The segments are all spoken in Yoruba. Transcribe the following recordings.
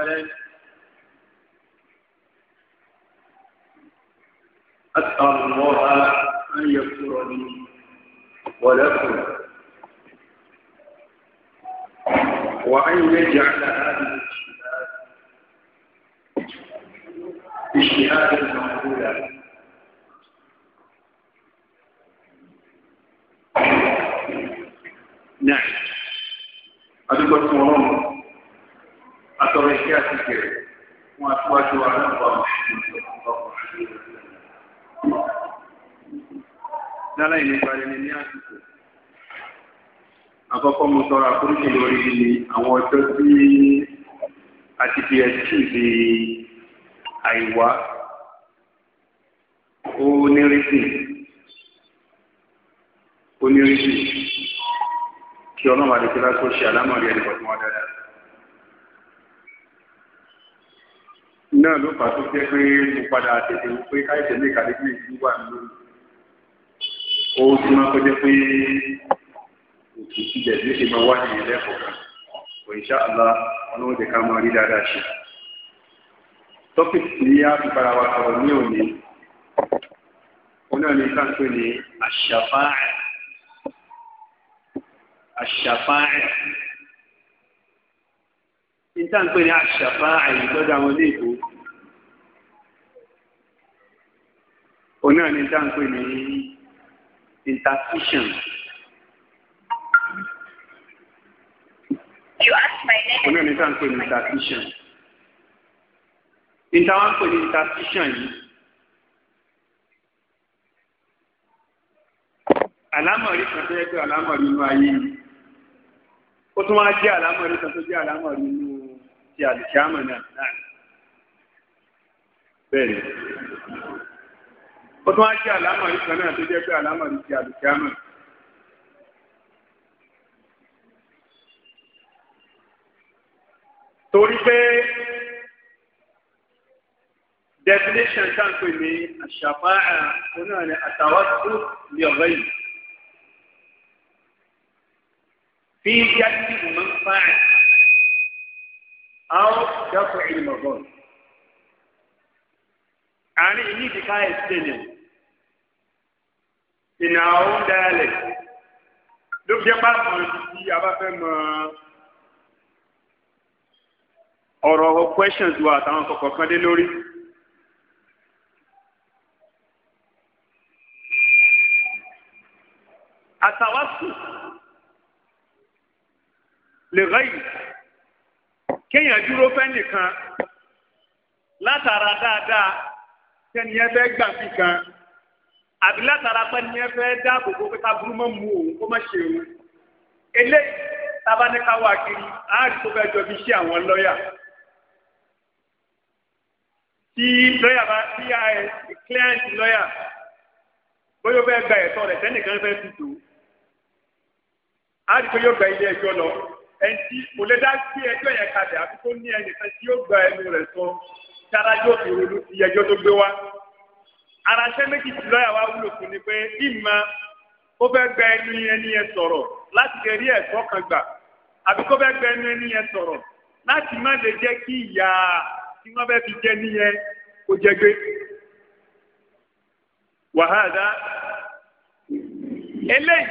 أولا أسأل الله أن يغفر لي ولكم وأن يجعل هذه الاجتهاد اجتهادا مقبولا àlùwà nípa dálá ìlera ẹni ní àsìkò àkọ́kọ́ mo tọrọ àforíjì lórí àwọn ọjọ́ tí a ti fi ẹ̀sìn di àìwá ó nírìsì ó nírìsì kí ọlọ́run àdékẹ́lá tó ṣe àlámọ̀rí ẹnìkan tó wá dáadáa. náà ló fà tó jẹ́ pé mo padà tètè wò pé káyọ̀tẹ̀ lè kàlẹ́ bí èyí wà nínú ó tún máa kọjá pé òtún síbẹ̀ bí ó máa wá nìyẹn lẹ́kọ̀ọ́ kan kò insha Allah ọlọ́run jẹ́ ká máa rí dáadáa ṣe. tọ́pìkì tí a fi bára wa sọ̀rọ̀ ní òní ó náà ní sáńpé ní àṣàfáà àṣàfáà ní sáńpé ní àṣàfáà ìgbọ́dọ̀ àwọn ilé ìgbòho. oní ọ̀nì tá à ń pè ní intercession. oní ọ̀nì tá à ń pè ní intercession. níta wá ń pè ní intercession yìí. àlámọ̀rí kan tó yẹ pé àlámọ̀rí inú ayé yìí. ó tún wá jẹ́ àlámọ̀rí kan tó jẹ́ àlámọ̀rí inú ti àlùkí àmọ̀ náà. bẹ́ẹ̀ ni ó tún wá jẹ́ àlámọ̀rí kan náà tó jẹ́ pé àlámọ̀rí ti àlùkìámọ̀. torí pé definition sáǹpé ní àṣàfáà onáà ní àtàwọ́sù ní ọ̀rẹ́ yìí. في جلب منفعة أو دفع المضار. يعني إني بكاية سنة ìnáwó ń dalẹ̀ ló fi jẹ́ pàmò tí a bá fẹ́ mọ ọ̀rọ̀ questions wa àtàwọn kọ̀ọ̀kan kan dé lórí. àtàwásù lè rẹ́yìn kéèyàn dúró fẹ́ nìkan látara dáadáa tẹ́niyẹ́ fẹ́ gbà sí kan àbí látara pé ní ẹ fẹ́ dáàbò bò pé ká burú mọ́ mu òun kó má ṣe òun eléyìí tába ní ká wá kiri àárí tó fẹ́ jọ fi ṣe àwọn lọ́ọ̀yà tí lọ́ọ̀yà bá tí client lọ́ọ̀yà bóyá ó fẹ́ gba ẹ̀tọ́ rẹ̀ sẹ́nìkan fẹ́ fi tò àárí tó yóò gba ilé ẹjọ́ lọ ẹni tí kò lè dá gbé ẹjọ́ yẹn kalẹ̀ àfi tó ní ẹnìkan tí yóò gba ẹnu rẹ̀ sọ tí adájọ́ fi ronú ti ẹjọ́ tó gbé wá. ara iṣẹ́ méjì tí lọ́ọ̀yà wa wúlò fún ni pé ìmọ̀ ó gba ẹnu ẹni yẹn sọ̀rọ̀ láti lè rí ẹ̀tọ́ kan gbà àbí kó gba ẹnu ẹni yẹn sọ̀rọ̀ láti má lè jẹ́ kí ìyá tí wọ́n bẹ fi jẹ níyẹn kó jẹ gbé. wàhálà eléyìí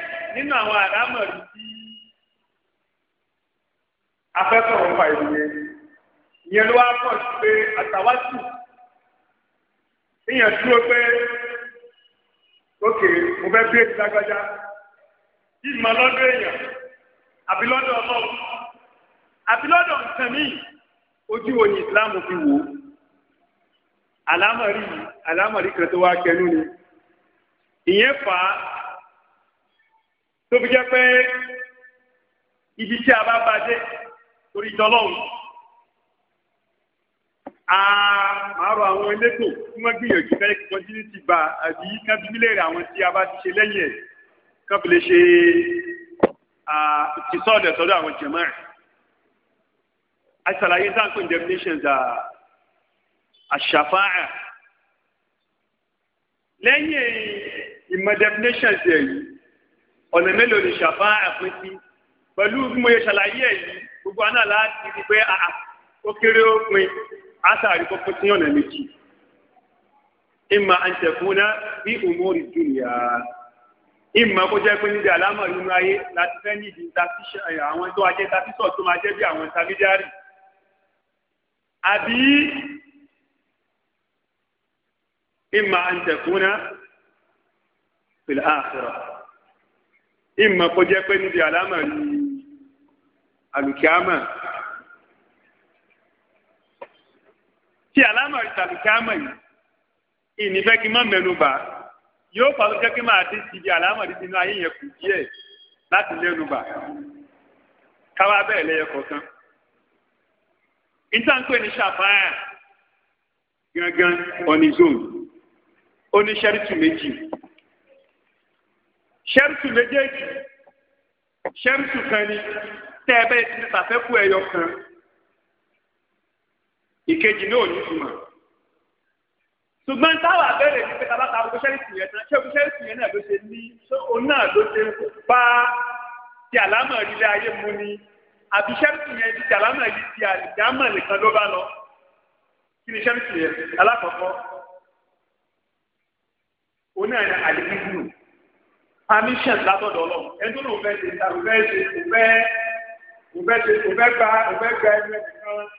níyàn dúró pé ókè mo fẹ́ bí èdè lágbájá yìí mà lọ́dọ̀ èèyàn àbí lọ́dọ̀ ọlọ́run àbí lọ́dọ̀ ojú wo ni Islam fi wò ó àlámọ̀rí àlámọ̀rí kan tó wá kẹnu ni ìyẹn fà á tó fi jẹ́ pé ibi tí a bá bá torí màá rọ àwọn elétò tí wọ́n gbìyànjú fẹ́ kọjú ní ti bá àbí kábílẹ̀ rẹ̀ àwọn tí a bá ti ṣe lẹ́yìn ẹ̀ kán fi lè ṣe ìtìsọ́ọ̀dẹ̀ sọ́dọ̀ àwọn jẹ̀mọ́ rẹ̀. a ṣàlàyé sáǹkùn àṣàfáà lẹ́yìn ìmọ̀ definitions ẹ̀ yìí ọ̀nà mélòó ni ṣàfáà pín sí pẹ̀lú bí mo yẹ ṣàlàyé ẹ̀ yìí gbogbo àná láti rí pé ó kéré ó pin àtàrí kọ́kọ́ sí ọ̀nà méjì ìmọ̀ àǹtẹ̀kùnà bí òmùrì dùnìyà ìmọ̀ kó jẹ́ pé níbi àlámọ̀ nínú ayé láti fẹ́ níbi àwọn tó ajé tasísọ̀ tó máa jẹ́ bí àwọn intermediary àbí ìmọ̀ àǹtẹ̀kùnà fil akhirah ìmọ̀ kó jẹ́ pé níbi àlámọ̀ ní alùkìámà tí alama ìtàlù kíámọ̀ yìí ìní fẹ́ kí n má mẹ́nu bà yóò fà lóṣẹ́ kí máa dé ti di alámọ̀ ìdí inú ayé yẹn kù díẹ̀ láti lẹ́nu bà káwá bẹ́ẹ̀ lẹ́yẹ kọ̀ọ̀kan. ìtànkù ẹni ṣàfáà gangan oníṣẹ́rìtù méjì ṣẹ́rìtù méjèèjì ṣẹ́rìtù kan ni tẹ́ ẹ bẹ́ẹ̀ ti ṣàfẹ́kù ẹyọ kan ìkejì náà ní ìtumọ̀ ṣùgbọ́n táwọn abẹ́rẹ́ ní pẹ́ta bá ta gbogbo sẹ́rìsì yẹn tán ṣẹ́gun sẹ́rìsì yẹn náà ló ṣe ní òun náà ló ṣe bá ti àlámọ̀ ilé ayé mu ni àbí sẹ́rìsì yẹn ti àlámọ̀ yìí ti àdámọ̀ nìkan ló bá lọ kí ni sẹ́rìsì yẹn alákọ̀ọ́kọ́ òun náà ní àdìgúgùn permission látọ̀dọ̀ ọlọ́run ẹni tó lóun fẹ́ ṣe ta òun fẹ́ ṣe òun fẹ́ òun fẹ́ ṣe òun gba òun gba ẹgbẹ́ nìkan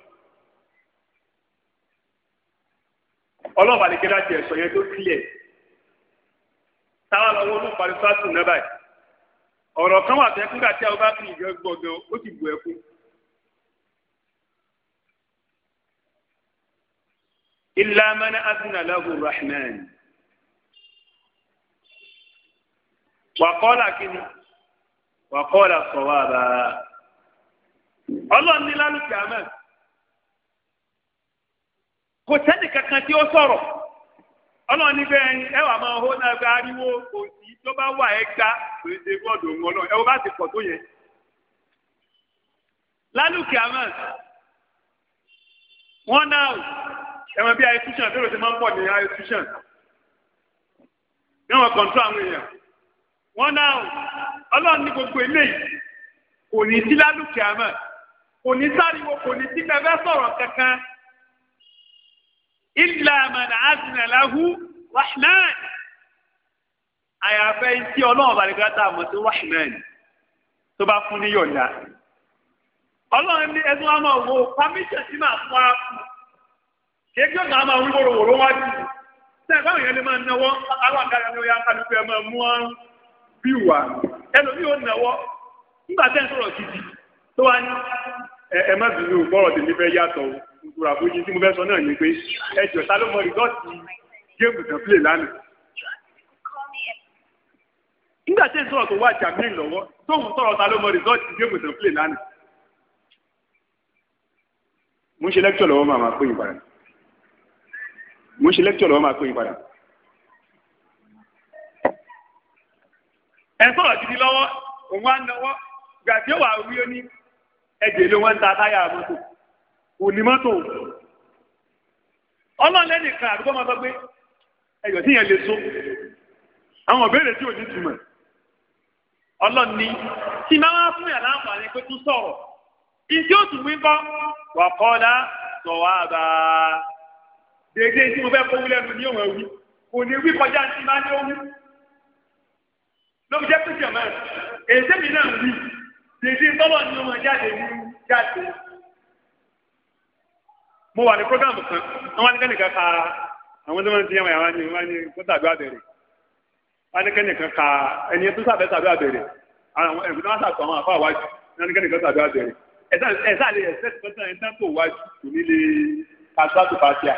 ọlọ́ọ̀bà lè kéde àti ẹ̀sọ́ yẹn tó kílẹ̀ táwa lọ́wọ́ olùparí sátù náà báyìí ọ̀rọ̀ kan wà tẹ́ nígbà tí a bá fi ìjọ gbọ̀ngàn ó ti bù ẹ̀kú. ilá mẹ́ni azinalahu rahman wàkọ́lá kínní wàkọ́lá sọ̀wọ́ àbá ọlọ́ọ̀ni lálùkì àmẹ́. kò sẹ́ni kankan tí ó sọ̀rọ̀ ọlọ́run níbẹ̀ ẹ wà máa hó náà ariwo òsì tó bá wà ẹ gbá pèsè gbọ́dọ̀ òun ọlọ́run ẹ wọ́n bá ti pọ̀ tó yẹ. lálùkì àmọ́ wọ́n náà ẹ̀wọ̀n bí ayetúṣàn bí ròṣe máa ń pọ̀ ní ayetúṣàn bí wọ́n àwọn èèyàn wọ́n náà ọlọ́run ní ilà mẹ́rin àdínà láhù rahman àyàfẹ́ tí ọlọ́run bá lè gbá a mọ̀ sí rahman tó bá fún ní yọ̀ǹda ọlọ́run ní ẹnu wa máa wo pàmíṣẹ̀ sí máa fún wa kéèké ọ̀gá máa ń wòrò wòrò wá ni ó yá kálukú ìgbòrà fún yìí tí mo fẹ́ sọ náà ni pé ẹjọ́ ta ló mọ rìsọ́ọ̀tì géèmù tán play lánàá. nígbà tí ìṣòro tó wà Jamil lọ́wọ́ tóun tọrọ ta ló mọ rìsọ́ọ̀tì géèmù tán play lánàá. mo ń ṣe lẹ́kítọ̀ lọ́wọ́ kò ní mọ́tò ọlọ́ọ̀lẹ́nìkan àdúgbò máa bá gbé ẹ̀yọ̀ tí yẹn lè so àwọn ìbéèrè tí ò ní túmọ̀ ọlọ́ọ̀ni tí máa wá fún yàrá àǹfààní pé tún sọ̀rọ̀ ìdí òtún wí bọ́ wà kọ́lá sọ̀wọ́ àbá dédé tí mo fẹ́ kó wílẹ̀ nu ní òun ẹ̀wí kò ní wí kọjá tí máa ní òun lóbi jẹ́ pé jẹ̀mọ́ èyí tẹ́mi náà wí dédé tọ́lọ̀ ní ọmọ jáde ní jáde mo wà ní programu kan àwọn anìkẹ́nìkan ka àwọn tó máa ń ti yẹn wọ́n yẹn wọ́n ní kó tàbí àbẹ̀rẹ̀ anìkẹ́nìkan ka ẹni tó sàbẹ̀ tàbí àbẹ̀rẹ̀ àwọn ẹ̀gbọ́n náà sàtọ̀ àwọn àfa àwájú anìkẹ́nìkan tàbí àbẹ̀rẹ̀ ẹ̀sà lè ẹ̀sẹ̀ tọ́tàn ẹ̀sẹ̀ tó wájú kò ní lè ka sọ́ọ̀tù pàṣẹ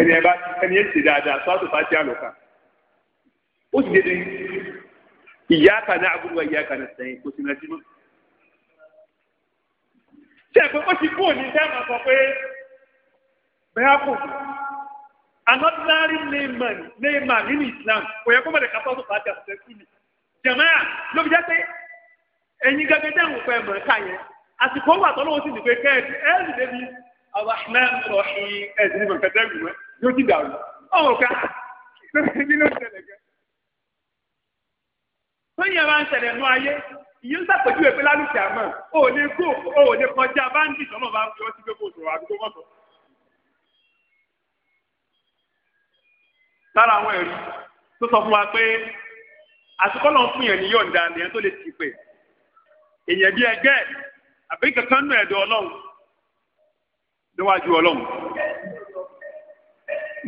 ẹni ẹ̀ bá ẹni ẹ̀ ṣe dáadáa sọ́ọ̀tù pàṣẹ àlọ́ka ó sì dédé iyyaka na'budu wa iyyaka nasta'in kò sí náà sí mọ́. ṣé ẹ bẹ́ẹ̀ kù anọ́tìlárì neymar neymar nínú islam kò yẹ kó mọ̀lẹ́ kápá ọ̀tọ̀ fàájà ọ̀tẹ̀ kú ni jẹ̀mẹ́yà ló fi jẹ́ pé ẹ̀yin gẹ́gẹ́ dẹ́hùn pẹ́ mọ̀ ká yẹn àsìkò wà tọ́lọ́wọ́ sì ní pé kẹ́ẹ̀dì ẹ̀ẹ́dì débi Ar-Rahman Ar-Rahim ẹ̀ẹ́dì ní mọ̀kẹ́ dẹ́rù mọ́ yóò ti dàrú ọ̀hún ká nínú ìṣẹ̀lẹ̀ ń sàpèjúwe pé lálùkì àmọ́ ò lè kó ò lè kọjá báńkì tọ́lọ́ bá fi ọtí gbé kó sọ̀rọ̀ àdúgbò mọ́tò lára àwọn ẹ̀rí tó sọ fún wa pé àsìkò náà fún yẹn ní yọ̀ǹda lèyàn tó lè ti pè èyàn bí ẹgbẹ́ àbí kankan nù ẹ̀dọ̀ ọlọ́run níwájú ọlọ́run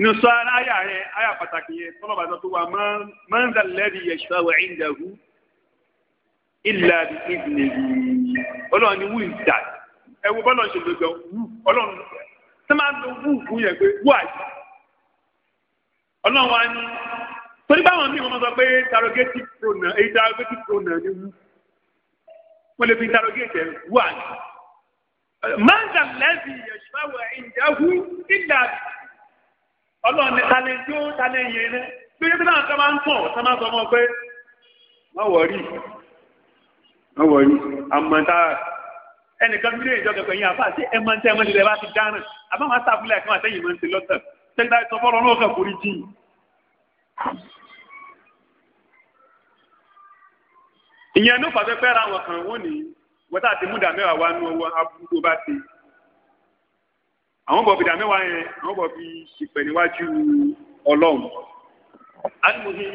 nùsọ aláyà rẹ ayà pàtàkì yẹn tọ́lọ̀ bàtà tó wà máa ń dàlẹ́bi yẹ̀ṣọ́ wẹ̀ ẹ̀ ń dàrú ìlà ìdìbò ọlọ́run ni wù ń dà ẹ wo bọ́lọ̀ ṣe gbẹgbẹ wù ọlọ́run tí ń lo wù fún yẹn pé wù àyè ọlọ́run wa ní torí báwọn míì wọ́n sọ pé interrogative pronoun eh, interrogative pronoun ni wú wọ́n lè fi interrogate ẹ̀ wú àná. mọ́ńdà lẹ́bi ẹ̀ṣọ́wọ̀ ìyàwó ìlà ọlọ́run ní talẹ́ntì ó talẹ́yìn ẹ̀ náà pé yẹ́n náà ká máa ń tàn ká máa sọ ọmọ pé má wọ̀rí má wọ̀rí àmọ́ta ẹnìkan bí lè jọ kẹ̀kẹ́ yín àbá àti ẹ̀mọ́ntẹ́ ẹ̀mọ́ntẹ́ lè bá ti dáràn àbáwọn sábúlẹ̀ kí wọ́n àtẹ̀yìn mọ́ntẹ́ lọ́tọ̀ tẹ́gbà ìtọ́fọ́rọ̀ náà kẹ́ forí jì. ìyẹn ní pàṣẹ fẹ́ ra àwọn kan wọ́n ní wọ́tá àti múdà mẹ́wàá wá nú ọwọ́ aburú bá ti. àwọn bọ̀ bìdà yẹn àwọn bọ̀ bí níwájú ọlọ́run. alimuhi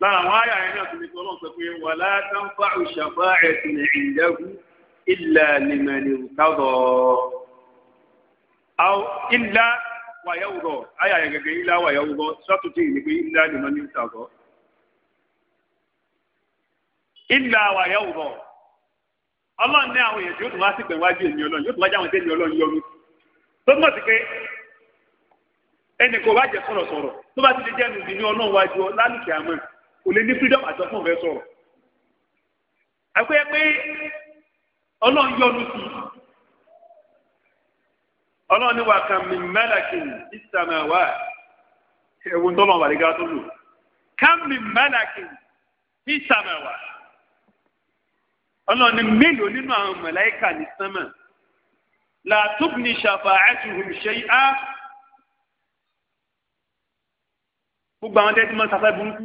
lára àwọn àyà yẹn náà tún ní ọlọ́run sọ pé wàlá tánfà òṣàfà ẹ̀sìn ìdẹ́gù ìlà lèmẹ̀lẹ̀ òkàdọ̀. Wa ya yẹn gẹ́gẹ́ ilá wàyẹ̀wùrọ̀ sọ́tùtì ní wa ilá ni wọ́n ní ìtàgọ́. ilá wàyẹ̀wùrọ̀ ọlọ́run ní àwọn èèyàn tí yóò tún wá sí pẹ̀wájú èmi ọlọ́run yóò tún wájú àwọn èdè èmi ọlọ́run yọnu tó mọ̀ sí pé ẹnì kò bá jẹ́ sọ̀rọ̀ sọ̀rọ̀ tó bá ti lè jẹ́nu ọlọ́run wájú ọ àmọ́ kò lè ní freedom ọlọ́run ní wàá kan mi mẹ́lẹ̀kìn ìsàmẹ̀wá ẹ̀wọ̀n tó lọ́wọ́ àdìgá tó lù kan mi mẹ́lẹ̀kìn ìsàmẹ̀wá ọlọ́run ní mélòó nínú àwọn màláíkà ní sánmà làtúbùnì ṣàfà'atuhum shay'a gbogbo àwọn tẹ́tí máa ń sáfẹ́ burúkú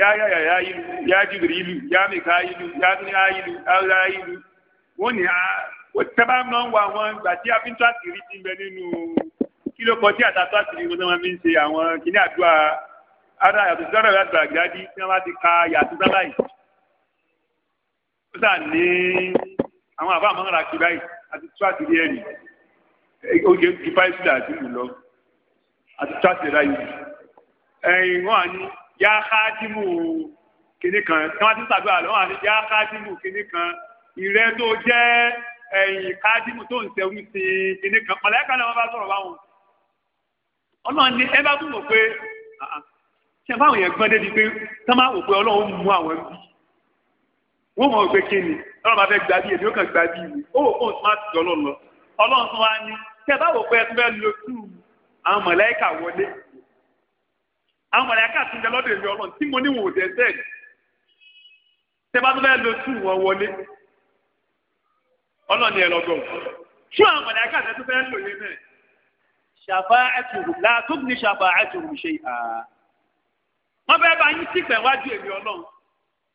yá yá yá yá ìlú yá jìbìrì ìlú yá mìkà ìlú yá ní á ìlú á ìlú wọ́n ní á tẹ́bá máa ń wọ àwọn ìgbà tí abíntú àtìrí ti ń bẹ nínú kílò kan tí àtàtọ́ àtìrí wọn máa fi ń ṣe àwọn kìíní àdúrà ara yàtọ̀ sí sọ́dọ̀ yàtọ̀ àgbàdì tí wọ́n bá ti ka yàtọ̀ sábà yìí. ó sà ní àwọn àbá àmọ́ ra kí báyìí àti tú àtìrí ẹ̀rì oge ju five star àti lù lọ àti tú àtìrí ráyè. ẹ̀yìn wọn à ní yá káàdìmù kìíní kan tí wọ́n ti sàdúrà lọ́wọ́ àti yá káàdìmù kìíní kan ìrẹ́ tó jẹ́ ẹ̀yìn káàdìmù tó ń sẹ́wọ́n sí kíní kan mọ̀lẹ́kà náà wọ́n bá sọ̀rọ̀ báwọn. ọlọ́run ní ẹ bá tún pé ṣé báwọn yẹn gbọ́n débi pé tán wò pé ọlọ́run mú àwọn bí wọ́n mọ̀ pé kí ni ọlọ́run bá fẹ́ gbà bí èmi ó kàn gbà bí mi ó wò fóun tó má ti jọ lọ́nà ọlọ́run tún wá ní ṣé bá pé ẹ tún fẹ́ lo tú àwọn mọ̀lẹ́kà wọlé àwọn mọ̀lẹ́kà tún jẹ lọ́dọ̀ èmi ọlọ́run tí mo níwò dẹ́sẹ̀ ọlọ́ni ẹ lọ́gbọ̀n ṣé àwọn mọ̀lẹ́kà tẹ tó fẹ́ lò yé náà ṣàfà ẹtùrù làtó ní ṣàfà ẹtùrù ṣe à wọn bẹ bá yín sí pẹ̀wájú èmi ọlọ́run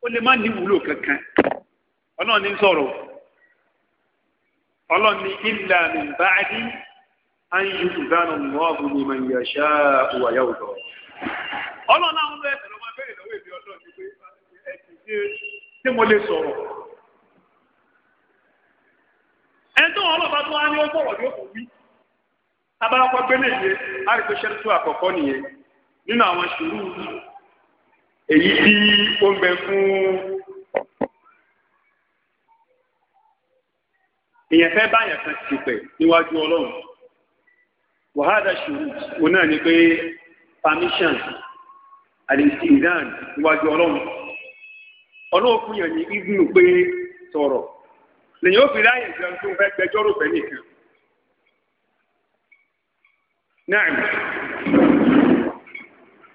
ó lè má ní wúlò kankan ọlọ́run sọ̀rọ̀ ọlọ́run ilà mi bá a ní àyù ìdáná mọ́ọ̀bù ni mà ń yà ṣá òwà yà òdọ̀ àwọn ọmọ ẹ̀sìn ló máa lọ́wọ́ èmi ọlọ́run pé ẹ̀ tó wá ní ó sọ̀rọ̀ yóò kò wí. tábàlọ́kọ́ gbélé yẹ a rí pé ṣẹ́tù àkọ́kọ́ nìyẹn nínú àwọn sùúrù èyí tí ó ń bẹ fún èèyàn fẹ́ báyàn kan ti pẹ̀ níwájú ọlọ́run wàhálà sùúrù òun náà ni pé permission àdìsí ìdáhùn níwájú ọlọ́run ọlọ́run lèyìn ó fi láyè jẹun tó fẹ́ gbẹjọ́rò fẹ́ nìkan. náà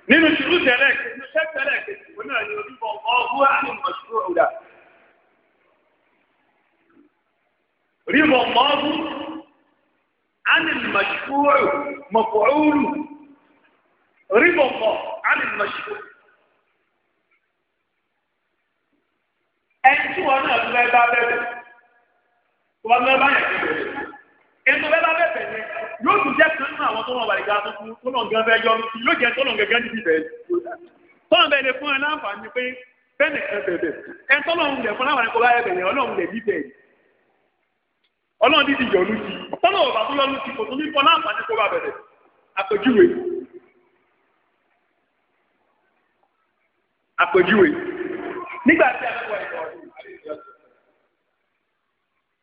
nínú ṣùgbọ́n tẹ̀lé kejì tẹ̀lé kejì wọn náà ni ojú bọ̀ ọ̀hún àti mọ̀ṣúrò ọ̀dà. ربا ماضي عن المشفوع مفعول ربا الله عن المشفوع أنتوا أنا أبدا wọ́n lọ bá yẹn kéde ètò bẹ́ẹ̀ bá bẹ́ẹ̀ bẹ́ẹ̀ yóò tún jẹ́ kan nínú àwọn tó wọn bàlẹ̀ gàdún fún tó lọ́n gan bẹ́ẹ̀ yọ yóò jẹ́ tó lọ́n gẹ́gẹ́ níbi bẹ́ẹ̀ tọ́lọ̀ bẹ́ẹ̀ lè fún ẹ láǹfààní pé bẹ́ẹ̀ nìkan bẹ̀bẹ̀ ẹ tọ́lọ̀ ń lẹ̀ fún láwọn ẹ̀kọ́ báyẹ̀ bẹ̀yẹ̀ ọlọ́run lẹ̀ bíbẹ̀ ọlọ́run dídì yọ̀ọ́lù ti tọ́lọ̀ ọ̀bà tó yọ̀ọ́lù ti kò tún ní fọ́ láǹfààní kó bá bẹ̀rẹ̀ àpèjúwe àpèjúwe nígbà tí a fẹ́ wọ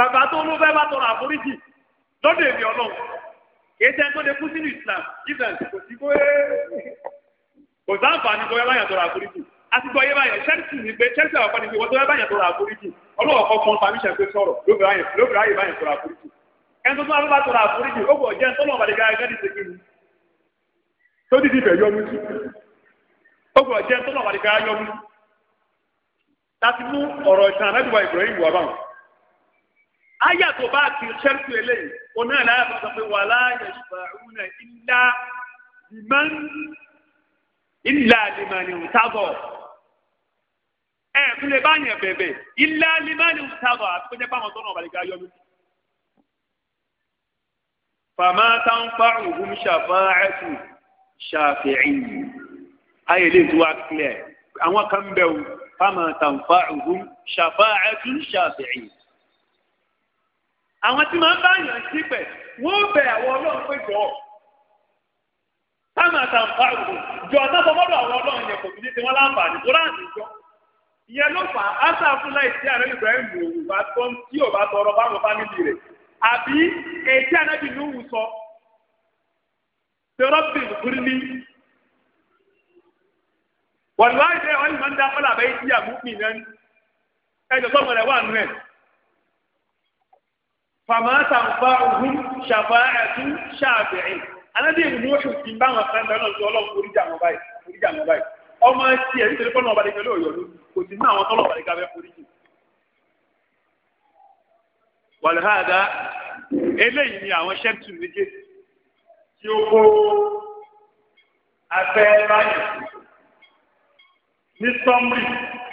bàbá tó ló fẹ́ bá tọrọ àforíjì lọ́dọ̀ èmi ọlọ́run kìí ṣe tó lè kú sínú islam islam kò sí kó é kò sáǹfààní tó yẹ báyà tọrọ àforíjì àti gbọ́ yẹ báyà ṣẹ́ẹ̀tì ní pé ṣẹ́ẹ̀tì àwọn kan ní pé wọ́n tó yẹ báyà tọrọ àforíjì ọlọ́wọ́ kọ́ fún pàmíṣẹ́ pé sọ̀rọ̀ lóbìnrin ayé báyà tọrọ àforíjì ẹni tó tún wá tọrọ àforíjì ó bọ̀ jẹ́ tọ́lọ̀ ọ̀bàdìgá ẹgbẹ́ ní ṣèkìrì tó dìdí ìfẹ́ yọmú sí ó bọ̀ jẹ́ tọ́lọ̀ ọ̀bàdìgá yọmú láti mú ọ̀rọ̀ ìtàn àdájúwà Ibrahim wà báwọn áyà tó bá ti ṣẹ́kù eléyìí òun náà láyà tó sọ pé wà láàyè ṣùgbọ́n ìlà ìmọ̀ ìlà àlìmọ̀nì òtábọ̀ ẹ̀ kú lè bá yẹn bẹ̀bẹ̀ ìlà àlìmọ̀nì òtábọ̀ àti pé báwọn tó náà balẹ̀ gá yọ lójú fama tanfa'uhum shafa'atu shafi'in aye le tu akle àwọn kan be o fama tanfa'uhum shafa'atu shafi'in àwọn tí máa ń bá yàn sí pẹ̀ wọ́n bẹ̀ àwọn ọlọ́run pé jọ táwọn àtàǹfà òkú jọ àtàǹfà mọ́dọ̀ àwọn ọlọ́run yẹn kò fi ní tiwọn láǹfààní tó láǹfààní jọ ìyẹn ló fà á sáfúnlá ìsí àrẹ Ibrahim lòwù bá tó ń tí ò bá tọrọ báwọn fámìlì rẹ̀ àbí èyí ànábì lòwù sọ tẹrọbì kúrìlì wàlúwàá ìdẹ wọn ni máa ń dá fọlá àbẹ́yẹ tí àmúpì náà ẹjọ sọmọ rẹ wà nù ẹ fàmáta nfàáhùn ṣàfàáhàtú ṣàbẹ̀ẹ́ anábì ìmúlòṣù ti bá wọn kan bẹ́ẹ̀ lọ́sọ̀ ọlọ́run oríjà wọn báyìí oríjà wọn báyìí ọmọ tiẹ̀ nítorí pọ́nà ọba nìkan lóòyọ̀ ló kò sí ní àwọn tọ́lọ̀ ọba nìkan bẹ́ẹ̀ foríjì. wàlúhàdá eléyìí ni àwọn ṣẹ́tù méje tí ó kó afẹ́ báyìí ní sọ́mbrì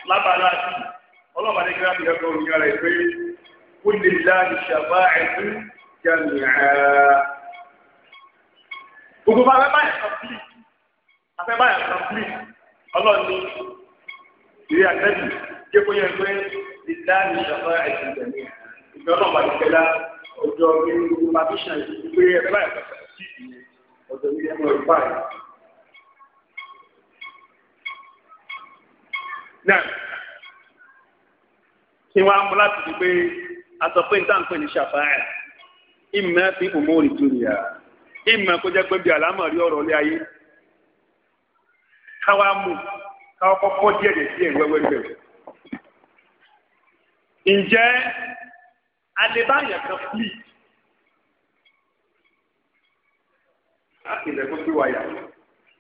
lábala ọlọ́ọ̀bá nìkan bẹ́ẹ̀ foríjì kulillahi shafa'atu jami'a. gbogbo bá abẹ́ báyà complete abẹ́ báyà complete ọlọ́ọ̀ni ìrì àtẹ́jù jẹ́ kó yẹ pé lillahi shafa'atu jami'a. ìfẹ́ ọlọ́ọ̀ bá ti kẹ́lá ọjọ́ nínú gbogbo pàmíṣàn pé ẹgbẹ́ báyà complete ìyẹn ọjọ́ ní ẹgbẹ́ ọ̀rọ̀ báyà. náà kí wọ́n á mú láti di pé àtọ̀ pé níta ń pè ní ṣàfáà ìmọ̀ fi òmòrì dúnìyà alama kó jẹ́ pé bí àlámọ̀rí ọ̀rọ̀ lé ayé káwá mú káwá kọ́kọ́ díẹ̀ díẹ̀ díẹ̀ wẹ́wẹ́ bẹ̀rẹ̀. ǹjẹ́ alẹ́bàyàn kan fìlì láti ilẹ̀ tó ti wáyà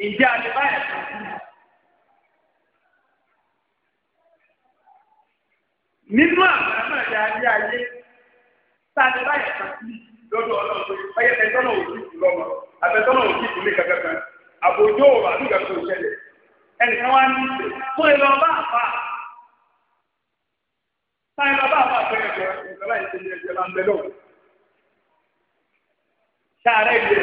ǹjẹ́ alẹ́bàyàn kan fìlì. nínú àgbàlagbà yà á yé ayé sáájú báyìí kan sí lọ́dọ̀ ọlọ́run ọyẹ tẹ̀sọ́nà òjì tù lọ́mọ àtẹ̀sọ́nà òjì tù ní kankan àbòjó òwò àdúgbò tó ṣẹlẹ̀ ẹnìkan wá ní ìṣe tó ẹ lọ bá àfa táyé lọ bá àfa àpẹẹrẹ jọ ìjọba ìṣẹ̀lẹ̀ ẹgbẹ́ máa ń bẹ lọ́wọ́ sáré ilé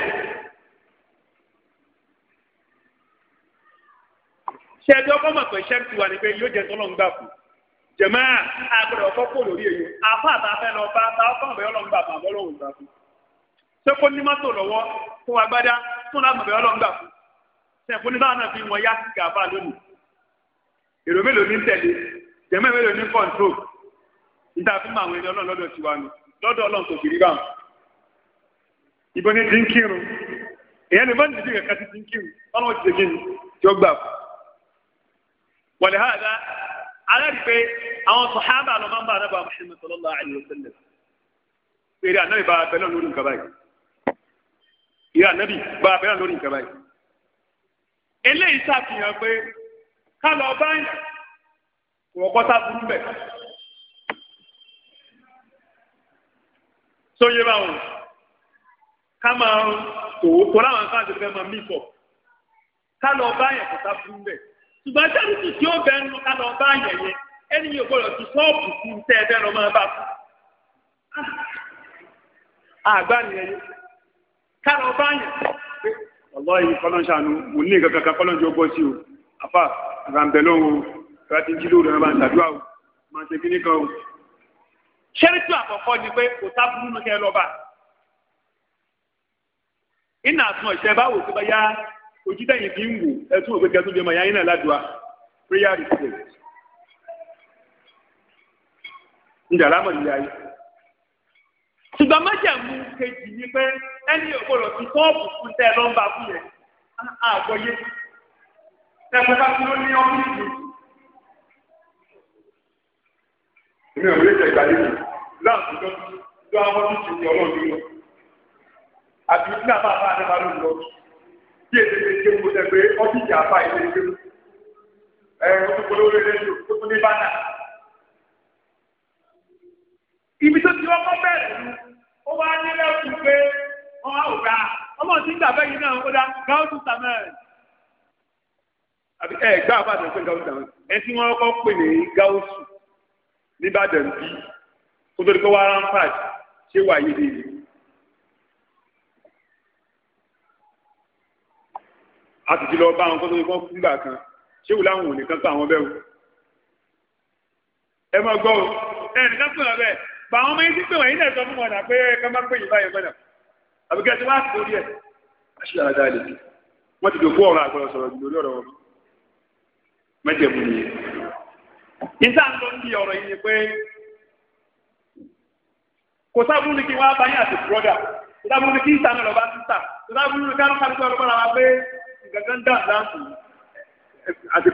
ṣẹjọ kọmọ pé ṣẹm ti pé yóò jẹ jẹmọ agbọ́dọ̀ kọkọ lórí èyí afọ àtàfẹ lọ bá ta ọkọ àbẹ Ọlọ́run gbà fún Ọlọ́run gbà fún sẹkọ ní mọ́tò fún agbádá fún làbẹ Ọlọ́run gbà fún sẹkọ náà fi wọn yá gàfà lónìí èrò mélòó ní jẹmọ mélòó ní kọńtró níta fún àwọn tiwa tó kiri báwọn. ibo ni ti ń kírun lè má kẹkẹ alẹ́ pé àwọn sọ̀hábà ló máa ń bá anábà Muhammad sallallahu alayhi wa sallam pèrè anábì bá abẹ́lẹ̀ lórí nǹkan báyìí ìyá anábì bá abẹ́lẹ̀ lórí nǹkan báyìí. eléyìí ṣàfihàn pé ká lọ báyìí wọ́n kọ́ta burú bẹ̀. sóyè báwọn ká máa tòótọ́ láwọn káàdì fẹ́ máa mí pọ̀ ká lọ báyìí kọ́ta burú bẹ̀. ṣùgbọ́n sẹ́rùtù tí ó bẹ́ẹ̀ nu kálọ̀ bá yẹ̀yẹ ẹni yóò gbọ́dọ̀ ti sọ́ọ̀bù tẹ́ máa bá fún. Ah, àgbà nìyẹn kálọ̀ bá yẹ̀ pé ọ̀lọ́ yìí mo ní nǹkan kankan kọ́lọ́nṣẹ́ bọ́ sí o àfà o ń jí máa ń o máa ń ṣe kíní kan o àkọ́kọ́ ni pé kò ojú tẹ̀yìn fi ń wò ẹ tún òpè kẹtùn bímọ yáyín náà ládùá prayer request ǹjẹ́ alámọ̀ ní ayé. ṣùgbọ́n májàmú kejì ni pé ẹni ògbọ́dọ̀ ti fọ́ọ̀bù fún tẹ́ lọ́mbà fún yẹn àgbọ̀yé ẹ̀fọ́ ká fún ní ọ́fíìsì. èmi ò lè tẹ̀ ìgbàlejò láàbùdó tó àwọn ọ́fíìsì ní ọlọ́run lọ àbí nígbà máa bá adébálò lọ tí èdè lè ké mo lẹ́gbẹ́ ọ́fíìsì àbá ilé ké mo ẹ ọdún olórí rédíò tó tún ní bánà. ibi tó ti ọkọ bẹ́ẹ̀ lù ó wá nílẹ̀ kú pé wọ́n á ò rà ọmọ tí ń gbà bẹ́yìn náà ó dá gáúdù sàmẹ́ẹ̀. àbí ẹ gbá àbàdàn pé gáúdù sàmẹ́ẹ̀ ẹ tí wọ́n kọ́ pè ní gáúsù níbàdàn bí kótó ní kó wá ránpàṣ ṣé wà yé dèjì. a sì ti lọ bá àwọn kọ́tọ́ ìfọ́n fún kan ṣé wùlá àwọn òní kan tó àwọn bẹ́ẹ̀ wò. ẹ máa gbọ́ o ẹnì kan pè wọ́n bẹ́ẹ̀ bá àwọn ọmọ yín ti pè wọ́n yín náà sọ fún wọn náà pé ká má pè yín báyìí gbọ́dọ̀ àbí kẹ́ ti wá sí orí ẹ̀ aṣọ àdá lè fi wọ́n ti dòkú ọ̀rọ̀ àgbọ̀rọ̀ sọ̀rọ̀ lórí ọ̀rọ̀ wọn mẹ́jẹ̀mú nìyẹn. ìta ń lọ níbi ọ̀rọ̀ yìí ni pé kò sábúrú ni kí wọ́n á bá yín àti bùrọ́dà kò sábúrú ni kí ìta náà lọ bá sísà kò sábúrú ni kí á lọ́ka lọ́ka lọ́ka pé gangan dà láàmú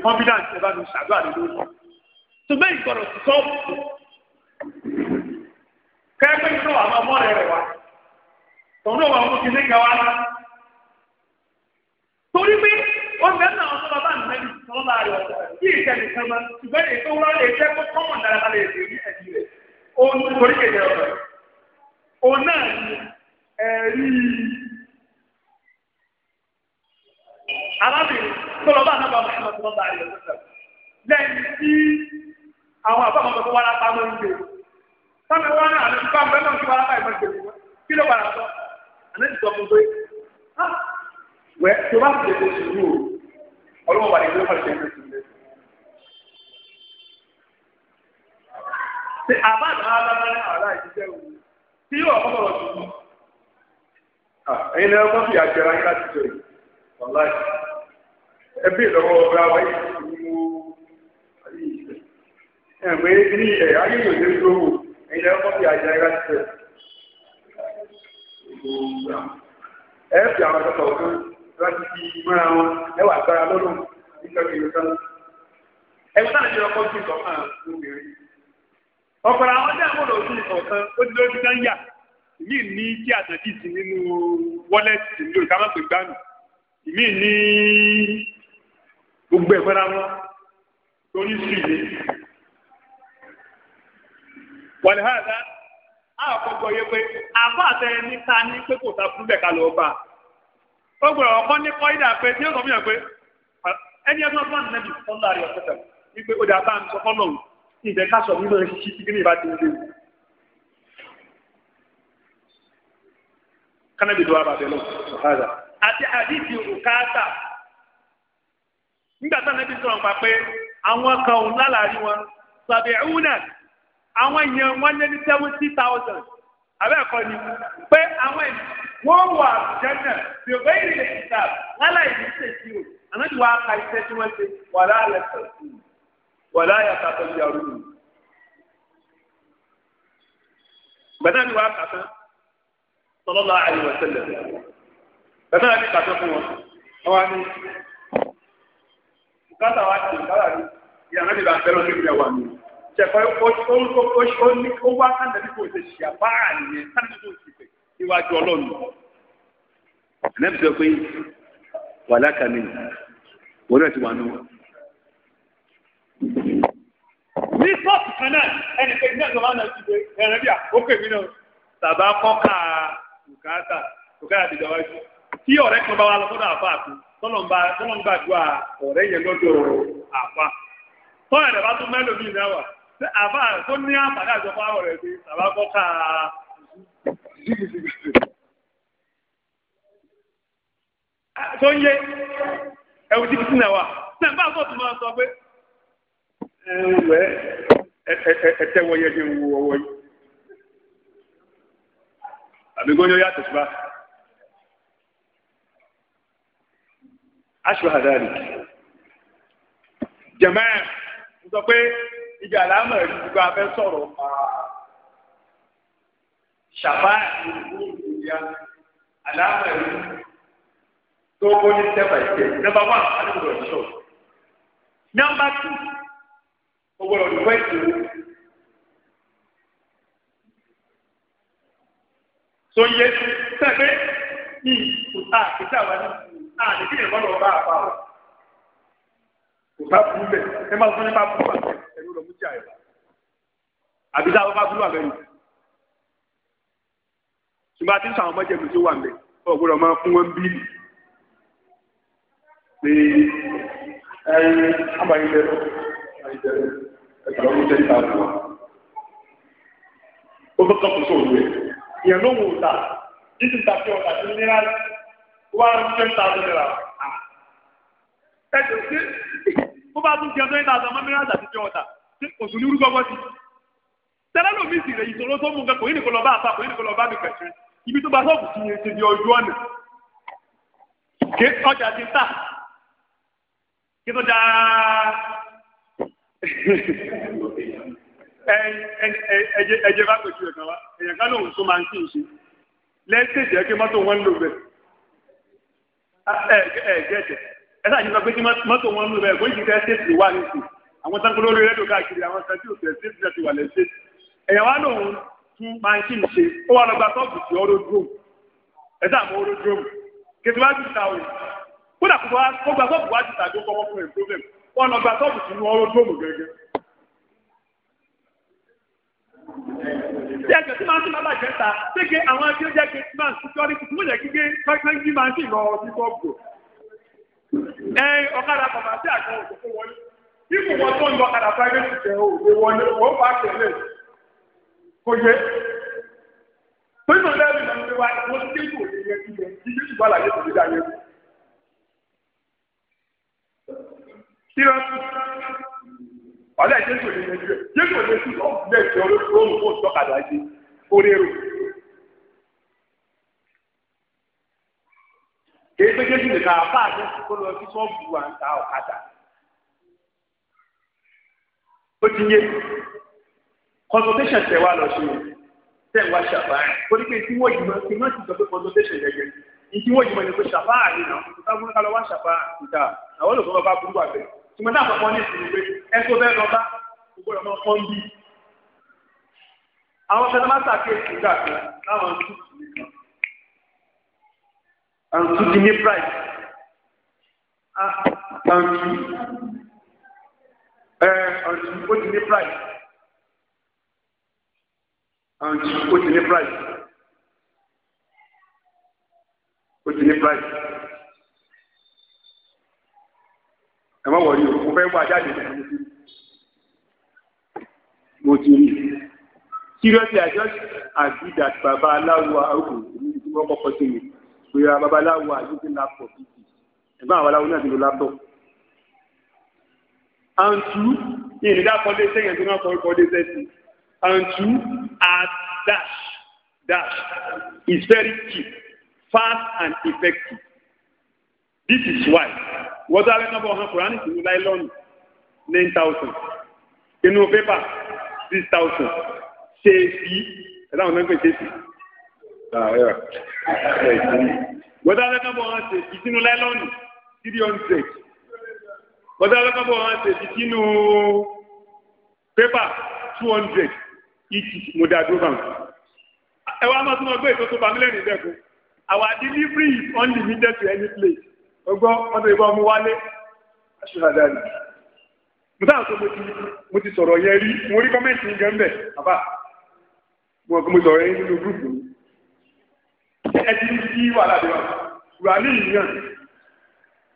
confidence ẹ bá mi ṣàdúrà lé lórí ṣùgbọ́n ìgbọ̀rọ̀ ti sọ kẹ́gbẹ́ iná àwọn ọmọ rẹ̀ wá tọ̀nú àwọn ọmọ kìíní kan wá torí pé wọ́n bẹ̀rẹ̀ náà ọmọ bàbá mi lẹ́yìn sọ́ọ́ láàrin ọ̀sẹ̀ kí arábìnrin tó lọ bá àná bàbá ẹ̀ma tó lọ bá àyè ọ̀sẹ̀ lẹ́yìn tí àwọn àbámọ̀ tó wá lápá mọ́ ń gbé sábà wá náà àná bá bẹ́ẹ̀ náà tó wá lápá ìmọ̀ ìgbèlú wọn kí ló padà sọ àná ti sọ fún pé ah, wẹ́ tó bá ti dèbò sùúrù o ọlọ́wọ́ wà ní ìlú ọ̀sẹ̀ ìlú ìlú ṣe àbá àná alábẹ́rẹ́ àrà ìṣiṣẹ́ òun tí yóò ọkọ̀ bọ̀ lọ sùúrù ẹ̀yin lẹ́yìn ọkọ̀ fìyà jẹra yín láti jọ yìí ẹbí lọ́wọ́ ọba wa ìlú ayé ìfẹ́. ẹ̀wẹ̀ ní ilẹ̀ ayé ìwé tó wò ilẹ̀ ọkọ̀ bí àjà ẹ̀rá ti tẹ̀. ẹ fi àwọn ọ̀dọ́ kan láti fi mọ́ra wọn ẹ wà gbára lọ́rùn nígbà tó yẹ ká. ẹ̀wọ̀n náà ṣe ọkọ̀ sí ìtọ́kàn obìnrin. ọ̀pọ̀lọpọ̀ ti lójú náà yà ìmí ní kí àtàkì sí nínú wọ́lẹ́tì nílò gbogbo ẹ̀fọ́ra wọn torí sí ilé. wàlíhàdá àkọ́kọ́ yẹ pé àbá àtẹ̀yẹ ní ta ní pé kò sá fún bẹ́ẹ̀ ká lọ bá a. ó gbọ́dọ̀ ọkọ ní kọ́ídà pé tí ó sọ fún yàn pé ẹni ẹgbẹ́ ọgbọ́n náà ti fọ́n láàrin ọ̀sẹ̀ tẹ̀lé wípé ó dà bá ń sọ fọ́nà òun ìbẹ̀ ká sọ nínú ṣíṣí tí kìnìún bá ti ń léwu. kánábì ló wà bàbá lọ àti àdìsí òkàtà nígbà tá nàbí sọ̀rọ̀ nípa pé àwọn kan òun lálàárí wọn sàbẹ̀ ẹ̀húnà àwọn èèyàn wọn lé ní seventy thousand abẹ́ẹ̀kọ́ ni pé àwọn èèyàn wọ́n wà jẹ́nà bí ọ̀gá ìrìn ìta lálàyé ní sèṣì o ànájú wa ka iṣẹ́ tí wọ́n ṣe wàlá àlẹ́sẹ̀ wàlá àyàtà tó yà rú mi. bẹ́ẹ̀ ni wàá kà tán sallallahu alaihi wasallam bẹ́ẹ̀ ni kà tán fún wọn bùkátà wa ti bàbá mi ìyàrá mi bá fẹ́ lọ síbi ẹ̀wà mi ṣẹ̀fọ́ ó wá kánàbí kò ṣe ṣì àbára nìyẹn kánàbí kò ṣì pé iwájú ọlọ́run ẹ̀nẹ́bí sọ pé wàhálà kàmí wọn náà ti wà nù wọn ní sọ́ọ̀tù kan náà ẹnì kejì náà ló máa ń ti gbé ẹ̀rẹ́ bíà ó pè mí náà tàbá kọ́ka bùkátà bùkátà ti dọ̀wájú tí ọ̀rẹ́ kan bá wà lọ sọ́dọ̀ àfa àtún tọ́lọ́ngbàdúrà ọ̀rẹ́ yẹn lọ́dọ̀ àfa tọ́ ẹ̀rẹ̀ bá tún mẹ́lò mí náà wà ṣé àfa tó ní àpàdé àjọpọ̀ àwọ̀ rẹ̀ sí àbá kọ́ ká tó ń yé ẹ̀wù tí kìtìnà wà ṣé n bá fọ́ tó máa sọ pé ẹ̀ẹ́dẹ́wọ̀ yẹ kí n wo ọwọ́ yìí àbígbóyún yàtọ̀ sí bá. aṣọ àdáàlì jẹmọ n sọ pé ibi àlámọ ẹ gbogbo abẹ sọ̀rọ̀ pa ṣàbá ìlú ìgbìyà àlámọ ẹ tó kó ní sọ number two ọgbọ̀n olùkọ́ ìṣòro tó yẹ sẹ́gbẹ́ ní ìkùtà wà àti kí èèyàn lọ bá àpá o kò bá burú bẹ ẹ máa sọ nípa burú àti ẹrú lọ mú jà ẹ àbí sábà bá burú àbẹ̀yìn ṣùgbọ́n àti sọ àwọn ọmọ jẹ̀bi tó wà mẹ́ ọ gbọ́dọ̀ máa fún wọn bíìlì pé ẹyin amáyédẹrẹ amáyédẹrẹ ẹgbẹ̀rún ọdún tẹ́lẹ̀ tààrà wọn. ó fẹ́ kọ́ kó sóòlù ẹ̀ ìyẹn ló wò ta títí fi ọ̀tà tó ní wá ten thousand naira ah. ẹ tó ṣe ó bá tún jẹ twenty thousand mọ́ mìíràn àti jẹ ọ̀tà oṣù ní orúkọ bọ́sì tẹ́lẹ̀ lómi rẹ̀ ìṣòro tó mú kẹ́kọ̀ọ́ yìí nìkan bá àpá kò yìí nìkan lọ́ọ́ bá ibi ti yẹn ṣe ọjà ti tà kí tó ẹ̀ẹ́dẹ̀ẹ̀dẹ̀ ẹ̀sà àti sọ pé tí mọ́tò wọn lù bẹ́ẹ̀ kóyì kìkẹ́ ṣéètì wà ní ìsìn àwọn sáńkó lórí káàkiri àwọn ti wà lẹ́sẹ̀ wa lòun ṣé ẹgbẹ́ tí máa ń ṣe lábàá ìjẹta ṣéke àwọn ẹgbẹ́ jẹ́ gateman security tí mo jẹ́ kíkẹ́ pẹ́pẹ́ yìí máa ń ṣe lọ sí bọ́ọ̀bù. ẹ ọ̀kadà bàbá sí àgbọn wọlé ipò wọn tó ń lọ ọ̀kadà private jẹ òde wọlé wọ́n bá tẹ̀lé kò yẹ. pẹ̀lú bẹ́ẹ̀ ọ̀lẹ́ jésù ò lè yanjú ẹ̀ jésù ò lè tún tó bẹ̀ tí olórí lóhùn fún ìtọ́kadà ṣe kó lérò. èyí pé jésù nìkan àbá àti kó lọ sí sọ́ọ̀bù wa ń ta ọ̀kadà. ó ti yé consultation tẹ̀ wá lọ sí i tẹ̀ wá ṣàbáyé ó ní pé tí wọ́n jùmọ̀ tí wọ́n ti sọ pé consultation yẹn yẹn ìdí wọ́n jùmọ̀ ni pé ṣàbáyé náà ìtàkùn kálọ̀ wá ṣàbáyé ìta àwọn olùkọ́ bá burú wà ṣùgbọ́n náà kọ́kọ́ ní ìsinmi pé ẹ tó bẹ́ẹ̀ lọ bá gbogbo ọmọ kan bí. àwọn ọ̀sẹ̀ náà ṣàkíyèsí gbà pé láwọn tútù nìkan àǹtú ti ní price àǹtú ẹ àǹtú ó ti ní price àǹtú ó ti ní price ó ti ní price. ẹ má wọlé o mo fẹ́ wá jáde mo ti rí seriously i just agree that baba aláwo àrùkù tí wọ́n kọ́kọ́ sí mi pé baba aláwo àdúgbò laptop bíbí ẹ̀gbọ́n àwọn aláwo náà ti lo laptop. and two yìí ní dákọ̀ dé sẹ́yìn tó náà kọ́ ikọ̀ sẹ́sì and two dash dash is very cheap fast and effective this is why wọ́n tó alẹ́ náà bọ̀ hàn kúránì sínú láìlọ́ọ̀nù nine thousand inú pépà six thousand ṣe é fi ẹ̀dá àwọn mẹ́fẹ̀ẹ́ ṣe é fi. wọ́n tó alẹ́ náà bọ̀ hàn ṣe fi sínú láìlọ́ọ̀nù three hundred wọ́n tó alẹ́ náà bọ̀ hàn ṣe é fi sínú pépà two hundred each mọ̀dàdúrà ẹ wá máa tún ọgbẹ́ ìtọ́tọ́ bàmílẹ̀ ní our delivery is unlimited to any place ọgbọ́ wọn tẹ̀lé bá ọmọ wálé aṣọ́nàdá ni mo sáà sọ mo ti sọ̀rọ̀ yẹn rí mo rí kọ́mẹ́ǹtì yìí gan bẹ̀ bàbá mo kọ́ mo sọ̀rọ̀ yẹn nínú gúrùpù mi ẹ ti fi wàhálà dé wa wùràlì yìí yàn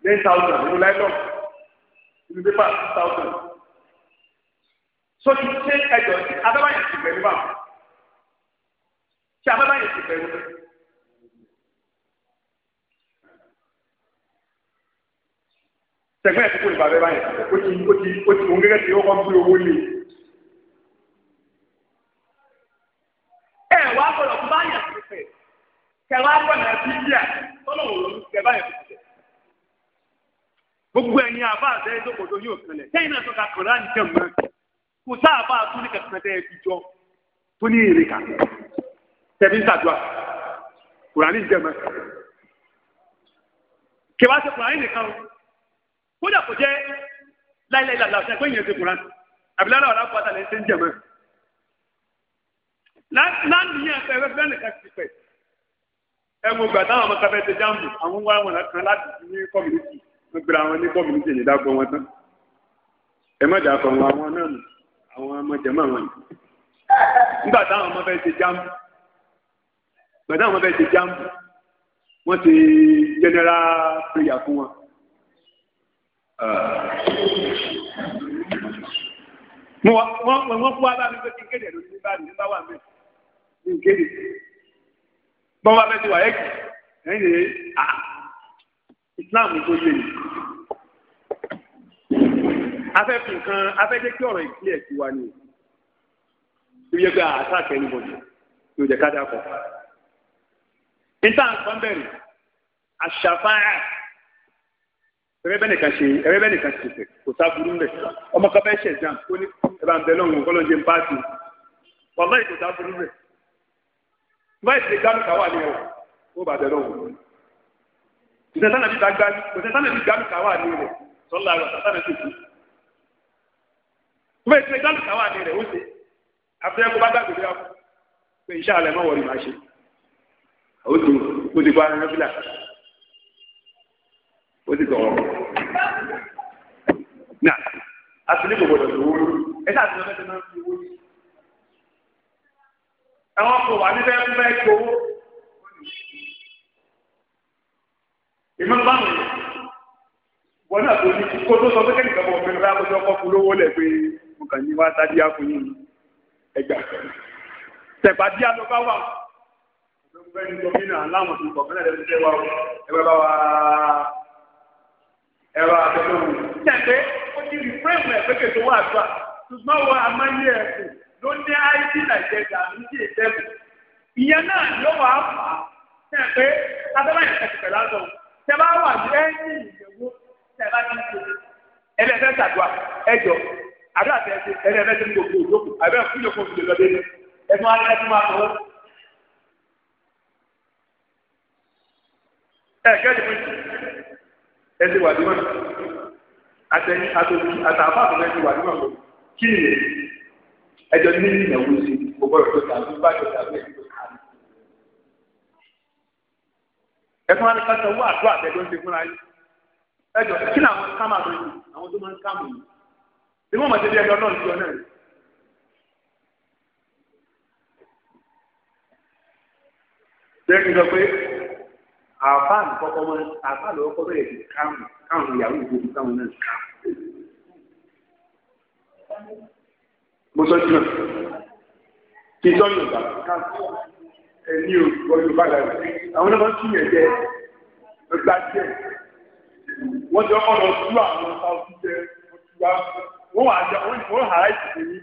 ten thousand nínú láìlọ́ọ̀ nínú pépà two thousand sọ́ni ṣé ẹjọ́ sí abẹ́báyé ti bẹ̀rù bá ṣé abẹ́báyé ti bẹ̀rù bẹ́ẹ̀. tẹ̀gbẹ́ ti kó lè bàbẹ́ báyìí ó ti ó ti ó ti òun gẹ́gẹ́ ti ọkọ̀ gbé owó lé. ẹ wàá gbọ́dọ̀ tó bá yàn sí fẹ kẹwà gbọ́dọ̀ àti bíà tọnà òòrùn ló ti bá yàn sí fẹ. gbogbo ẹ̀yin àbá àtẹ ìdókòdó yóò kanlẹ̀ sẹ́yìn náà sọ̀ka kọ̀ọ̀rọ̀ àti jẹun náà kò sáà bá a ní kankan tẹ́ ẹ fi jọ tó ní èrè kà tẹ̀bí ń sàdúrà kùránì jẹun náà kẹwàá ti kùránì nìkan o kódà kò jẹ́ láìláì làlá ọ̀sẹ̀ pé ìyẹn ti kùnra àbí lára ọ̀rá fún àtàlẹ́ ṣe ń jẹ̀mọ́. láàníyàn pẹ̀lú ẹgbẹ́ nìkan ti pẹ̀ ẹ wo gbà táwọn ọmọ kafẹ́ ti jáàmù àwọn wá wọn kan láti ní kọ́mìnìtì wọn gbéra wọn ní kọ́mìnìtì ní dákọ̀ wọn tán ẹ má jà fọ wọn àwọn náà mú àwọn ọmọ jẹ̀mọ́ àwọn yìí nígbà táwọn ọmọ fẹ́ ti jáàmù gbà táwọn ọmọ fẹ́ ti jáàmù wọ́n ti general prayer fún wọn wọ́n wọ́n fún wa bá mi pé kí n kéde lórí nígbà mi nígbà wà mí kí n kéde bọ́n bá fẹ́ ti wà ẹ́ kì ẹ̀yìn lè à Islam tó lè ní. afẹ́ fi nǹkan afẹ́ jẹ́ kí ọ̀rọ̀ ìpínlẹ̀ ti wá ní o yẹ pé àtàkẹ́ ní bọ̀dọ̀ yóò jẹ́ ká dákọ̀. níta nǹkan àṣàfáà ẹrẹ́bẹ́ nìkan ṣe ẹrẹ́bẹ́ nìkan ṣe ṣe kò sáburú ńlẹ̀ ọmọ kan fẹ́ ṣe exam ó ní ẹ̀bá ń bẹ lọ́rùn kọ́ ló ń jẹ páàtì wàlá ìkò sáburú ńlẹ̀ báyìí ti gbàmù káwà ni rẹ̀ ó bà bẹ lọ́rùn ìtẹ̀sánà bí gbàmù káwà ni rẹ̀ sọ́lá rẹ̀ sátánà ti kú báyìí ti gbàmù káwà ni rẹ̀ ó ṣe àfihàn kó bá dàgbé bí wà pé iṣẹ́ àlẹ́ mọ́ wọ̀rì máa ṣe ó ti ó ti gbọ́ ó ti gbọ̀wọ́. Nà àtúndì kò gbọdọ̀ lówó lórí. Ẹ ṣáà ti lọ mẹ́ta náà fi owó yìí. Àwọn kò wà níbẹ̀ ń bẹ́ gbowó. Ìmọ̀ bá mi wọ́n náà tó ní kó tó sọ pé kẹ́kẹ́ bọ̀ mẹ́rin bá kọjọ́ kọ́ fún lówó lẹ̀ pé mo kàn ní wá sáré àkúnyìn ẹgbà. Tẹ̀gbà díà ló bá wà fẹ́ni gómìnà aláwọ̀ tó kọ̀ fẹ́lẹ̀ lẹ́nu ẹ̀rọ àbẹ̀lówó tẹ̀lé ó ti rí fúrẹ́mù ẹ̀ pé kètò wà tó a ṣùgbọ́n wọ amáyé ẹ̀kọ́ ló ní àìsí nàìjẹ̀dà níbi ìtẹ́kù ìyẹn náà ló wà á fà á tẹ̀lé adọ́lá ìtẹ̀kù pẹ̀lú àtọ̀ tẹ̀ bá wà ní ẹ̀yìn ìyẹ̀wò tẹ̀ bá ti ń ṣe ẹlẹ́fẹ́ ṣàdúrà ẹjọ́ àdúrà tẹ̀ ṣe ẹlẹ́fẹ́ ṣe ní gbogbo ìjókòó àbẹ́ fún yòókù òfin lè lọ dé ẹ̀fọn alẹ́ ẹ̀fọn máa tọ̀wọ́. ẹ̀ẹ́dẹ́gbẹ̀rún ẹ ti wà ní màá àtẹni àtòbí àtàfà àtòbí ti wà ní màá kí ni ẹjọ ní ìnáwó sí gbogbo ọ̀rọ̀ tó tàbí bá jọ tàbí ẹ̀jọ̀ tàbí. ẹ̀fọn alikasa owó àdó àtẹjọ ń ṣe fúnra yìí ẹjọ kí ni àwọn kámà tó yìí àwọn tó máa ń kámù yìí ṣé wọ́n mọ̀ ṣe bí náà ń ṣe náà yìí. jẹ́ pé àbá nkọkọ mọ àbá lọ kọ bẹ̀rẹ̀ sí káwọn káwọn ìyàwó ìgbòho káwọn náà ká. mo sọ jùlọ kí n sọyún ọba ẹni o ọdún bá la àwọn náà máa ń jẹ ọgbà jẹ wọn jọ ọ̀rọ̀ tú àwọn sáwọsì jẹ wọn wà á jẹ wọn hà á ìsìn ní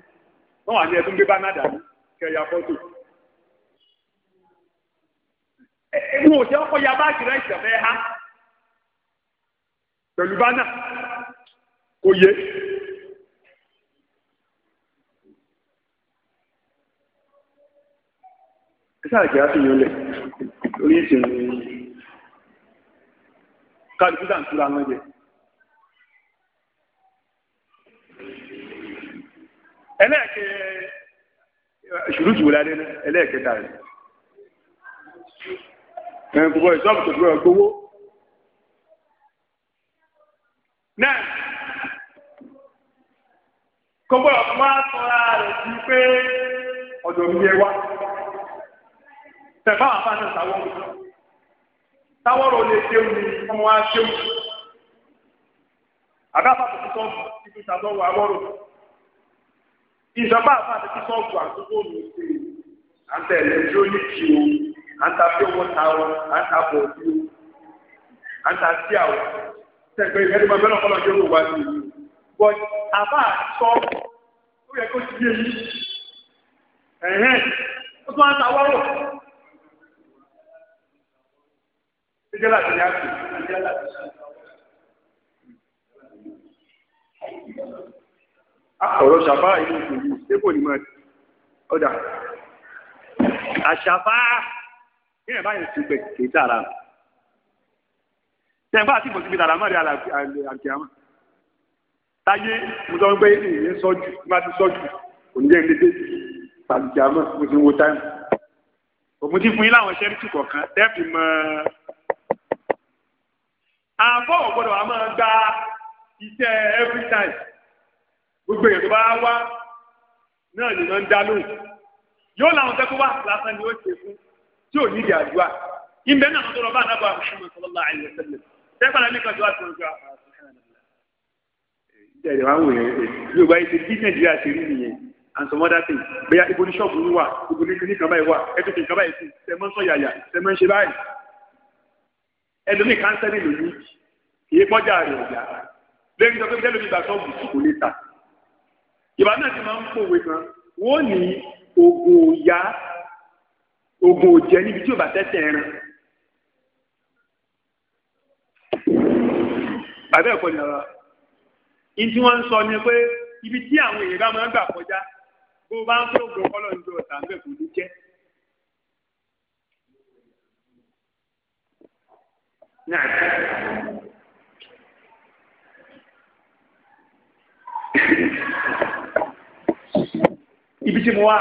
wọn wà á ní ẹtún gbé bá náà dàní kẹyà fọtò. wọn ò jẹ́ ọkọ̀ ya báàgì rẹ̀ ìṣẹ̀fẹ́ ha pẹ̀lú bánà kò yé. sáà jẹ́ àfihàn lẹ̀ lórí ìsìn káàdùkú dàǹtúrà náà jẹ. ẹlẹ́ẹ̀kẹ́ ṣùrùtù wọlé adé náà ẹlẹ́ẹ̀kẹ́ dàrẹ́ ẹ̀ gbogbo ìṣọ́ọ̀bù tó gbọ́dọ̀ gbowó. náà gbogbo ọ̀pọ̀ máa tọ́ra rẹ̀ sí pé ọ̀dọ̀ mi yẹ wá tẹ̀fà àfáàní ìtawọ́rò táwọ́rò lè ṣéwù ni ọmọ wa ṣéwù àdáfà tó ti sọ́ọ̀bù títí ìtàdọ́wọ̀ àwọ́rò ìjọba àfáàní ti sọ́ọ̀bù àtúntò òun ṣe à ń tẹ̀lé tí ó ní kí o à ń ta pure water o à ń ta bọ̀ọ̀dì o à ń ta tíà o sẹ́gbẹ́ ìrẹ́lẹ́ máa bẹ́ẹ̀ lọ́kọ́lọ́ yóò wá sí i but àbá àtọ́ ó yẹ kó ti yé yìí ẹ̀hẹ́n ó tún á ta wọ́rọ̀ ṣíjẹ́ láti ní àpè ṣíjẹ́ láti ṣe. ọ̀rọ̀ ṣàfá ìlú ìṣèlú ṣé kò ní máa ọ̀dà àṣàfá bí ẹ̀ báyìí sùn pẹ̀ kì í sára rẹ̀ tẹ̀gbọ́n àti ìbòsí bìtàrà mọ́rin àlàkìyàmọ́ táyé mo sọ pé èyí sọ́jú bí wọ́n ti sọ́jú kò ní jẹ́ ìdíje àlàkìyàmọ́ mo ti wo táìmù òun ti fún yín láwọn iṣẹ́ nítorí kọ̀ọ̀kan tẹ́ẹ̀fì mọ́ àbọ̀ ọ̀gbọ́dọ̀ àmọ́ gba iṣẹ́ every time gbogbo èèyàn tó bá wá náà lè máa ń dá lóhùn yóò láwọn tẹ́kọ̀ wá lásán ni ó ṣe fún tí ò ní ìdí àdúrà ìbẹ́ náà tó lọ bá àdàbọ̀ àmúṣọ́mọ́ sọlọ́lá àìlẹ́sẹ̀lẹ̀ tẹ́gbàlá ní kan tó wá tó ń gbà ìjẹ́rìí wa ń wòye yóò bá ti bí nàìjíríà ṣe rí nìyẹn and some other things bóyá ibo ní ṣọ́ọ̀bù yín wà ibo ní kíní kan báyìí wà ẹtù kìí kan báyìí sí tẹmọ ń sọ yàyà tẹmọ ń ṣe báyìí ẹlòmíì kánsẹ́lì lòní kìí pọ́jà rẹ̀ ọ̀jà lẹ́yìn tó ti máa ń pòwe kan wọ́n ní ògùn ìyá ogun òjẹ níbi tí ò bá tẹ́tẹ̀ ẹran. àbẹ́ ẹ̀kọ́ ni ọ̀rọ̀ ní tí wọ́n ń sọ ni pé ibi tí àwọn èèyàn bá máa ń gbà kọjá bó bá ń fún ògùn ọlọ́run ju ọ̀tá ń bẹ̀ kò ní jẹ́. ibi tí mo wá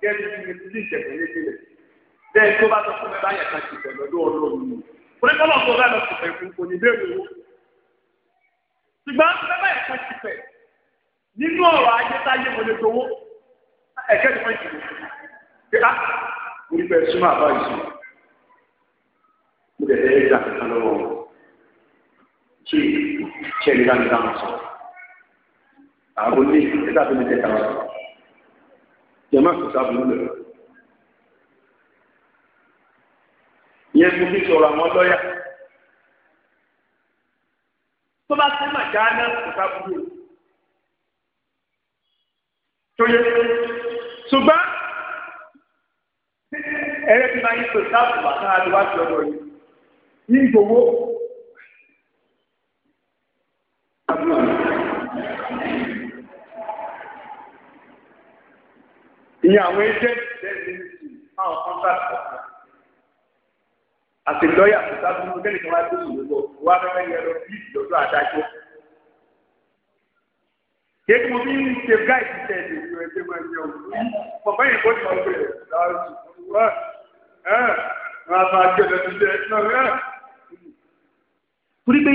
gẹ́gẹ́ bí mi ti bẹ́ẹ̀ tó bá tó fún mi báyà ká ti bẹ̀rẹ̀ lọ́dún ọlọ́run mi orí kọ́lọ́ tó bá lọ sí pẹ̀ fún kò ní bẹ́ẹ̀ wò ó ṣùgbọ́n bẹ́ẹ̀ yẹn ká ti pẹ̀ nínú ọ̀rọ̀ ayé táyé mo lè gbowó ẹ̀kẹ́ ti fẹ́ jù mí kíkà orí bẹ́ẹ̀ súnmọ́ àbá yìí mo lè fẹ́ gbà kankan lọ́wọ́ ṣé ṣé ẹni láti dáhùn sọ àwọn oníṣẹ́ ìdájọ́ mi tẹ̀ ká jẹ́ má kò sábà ń lọ. ìyẹn tó fi sọ̀rọ̀ àwọn lọ́yà. tó bá sí màjá náà kò sá burú o. tó yẹ ṣùgbọ́n ẹ̀rẹ́ ti máa ń sọ sáàpù bàtà àdúrà sí ọ̀dọ̀ yìí ní ìgbòho. ìyẹn àwọn ẹgbẹ́ bẹ́ẹ̀ ni àwọn kọ́ńtà kọ̀ọ̀kan àtẹlọyà kùtà fún kẹlẹ kí wọn á tó sùn lọ wọn á fẹẹ yẹ lọ sí ìdọdọ adájọ́. kéèkì mo fi ń ṣe gáìdì tẹ ẹdẹ ìlú ẹgbẹ́ máa ń yọ òun bàbá yẹn kó tó ọgbẹ rẹ lọ sùn wọn ẹ wọn á máa gbé lọ sí ilé ẹjọ́ náà. torí pé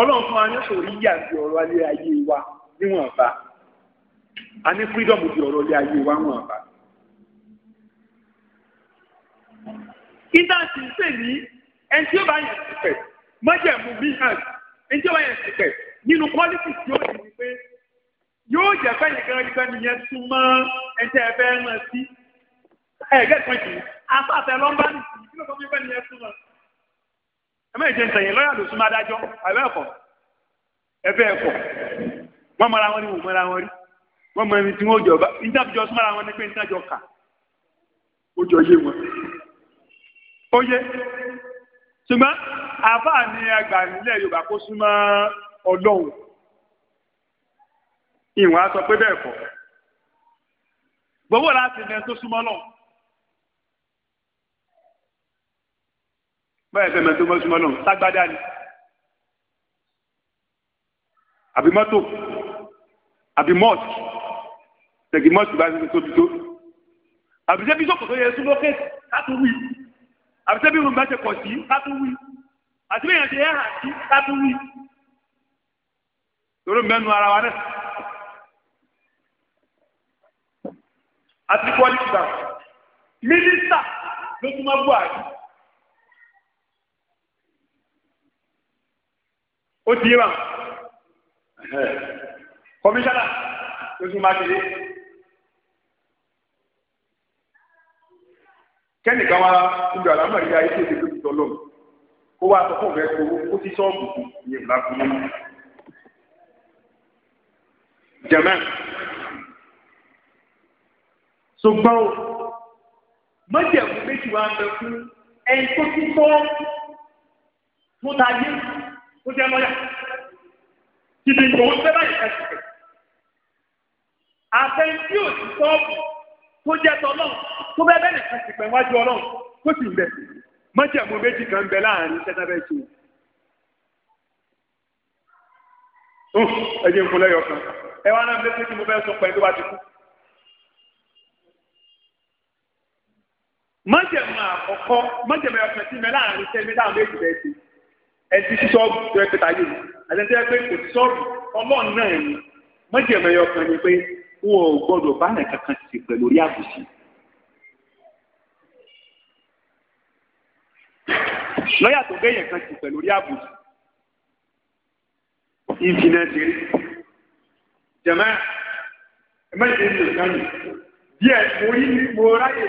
ọlọ́run fún wa ní sòrí yíyà sí ọ̀rọ̀ alẹ́ ayé wa níwọ̀nba a ní fírídọ̀mù di ọ̀rọ̀ alẹ́ ayé wa níwọ̀nba. ìdá sì ń pè ní ẹni tí ó bá yẹn sì pẹ̀ mọ́jẹ̀mú bí hàn ẹni tí ó bá yẹn sì pẹ̀ nínú quality tí ó yẹ ni pé yóò jẹ́ pé nìkan nípa nìyẹn súnmọ́ ẹni tí ẹ fẹ́ ràn sí ẹ̀ẹ́dẹ́ kan jù afáfẹ́ lọ́mbà nìyí kí ló kọ́ nípa nìyẹn súnmọ́ ẹ má ìjẹun tẹ̀yìn lọ́yà ló súnmọ́ adájọ́ àbẹ́ ẹ̀kọ́ ẹ̀fẹ́ ẹ̀kọ́ wọ́n mọra wọn ni wò mọra wọn rí wọ́n mọ ẹni tí wọ́n jọba ìjábìjọ súnmọ́ra wọn ni pé nítajọ kà ó jọ yé wọn ó yé ṣùgbọ́n àbá ni àgbà nílẹ̀ Yorùbá kó súnmọ́ Ọlọ́run ìwọ̀n á sọ pé bẹ́ẹ̀ kọ́ gbowó láti ní ẹni tó súnmọ́ Ọlọ́run bẹ́ẹ̀ fẹ́ mẹ́ni tó súnmọ́ Ọlọ́run ságbádá ni àbí mọ́tò àbí mọ́ọ̀tì tẹ̀gí mọ́ọ̀tì bá ti tóbi tó àbí sẹ́bí sọ̀kò tó yẹ súnmọ́ kéèkì ká wí àbísẹ́ bí wọn bá ṣe pọ̀ sí kátó wí àti bí yẹn ṣe yẹ hàn sí kátó wí. torí mẹ́nu ara wa náà àti pọ́lìsì náà mínísítà ló tún máa bọ̀ àyè. ó di yé wa kọmíṣánná ló tún máa tẹ̀lé. kẹ́nìkan wa níbi àlámà ìyá ayé tó ti tó ti tọ́ lọ́nà kó wá sọ fún ọ̀rẹ́ tó ó ti sọ́ọ̀bù kù ní ìlà fún mi. jẹ̀mẹ́ ṣùgbọ́n mọ́jẹ̀kú méjì wa ń bẹ fún ẹni tó ti tọ́ fún tayé tó jẹ́ lọ́yà tìbí ìgbòho ń bẹ́ báyìí ká ṣe. ò ti sọ́ọ̀bù tó jẹ́ tọ́lọ́n tó bẹ́ẹ̀ bẹ́ẹ̀ nìkan sì pẹ̀ wájú ọlọ́run tó sì ń bẹ̀ májẹ̀mú méjì kan bẹ láàrin tẹ́tà bẹ́ẹ̀ tó. ẹ jẹ́ nǹkan lẹ́yọ̀ kan ẹ wá náà létí tí mo fẹ́ sọ pẹ̀lú wájú kú. májẹ̀mú àkọ́kọ́ májẹ̀mú ẹ̀kan sí mi láàrin tẹ́mi láàrin méjì bẹ́ẹ̀ tó ẹ ti sọ́ọ̀bù tó ẹ pẹ̀tà yìí àti ẹ ti sọ́ọ̀bù ọlọ́run náà ni májẹ̀mú ẹ̀yọ̀ kan ni pé wọn ò gbọdọ̀ bá rẹ̀ kankan sì pẹ̀lú orí àbùsí. lọ́yà tó gbẹ̀yẹ̀ kan sì pẹ̀lú orí àbùsí. ìfìnẹ́sì rí jẹ̀mẹ́ ẹ̀mẹ́sì ń lò sánmi díẹ̀ mo rí mo ráyè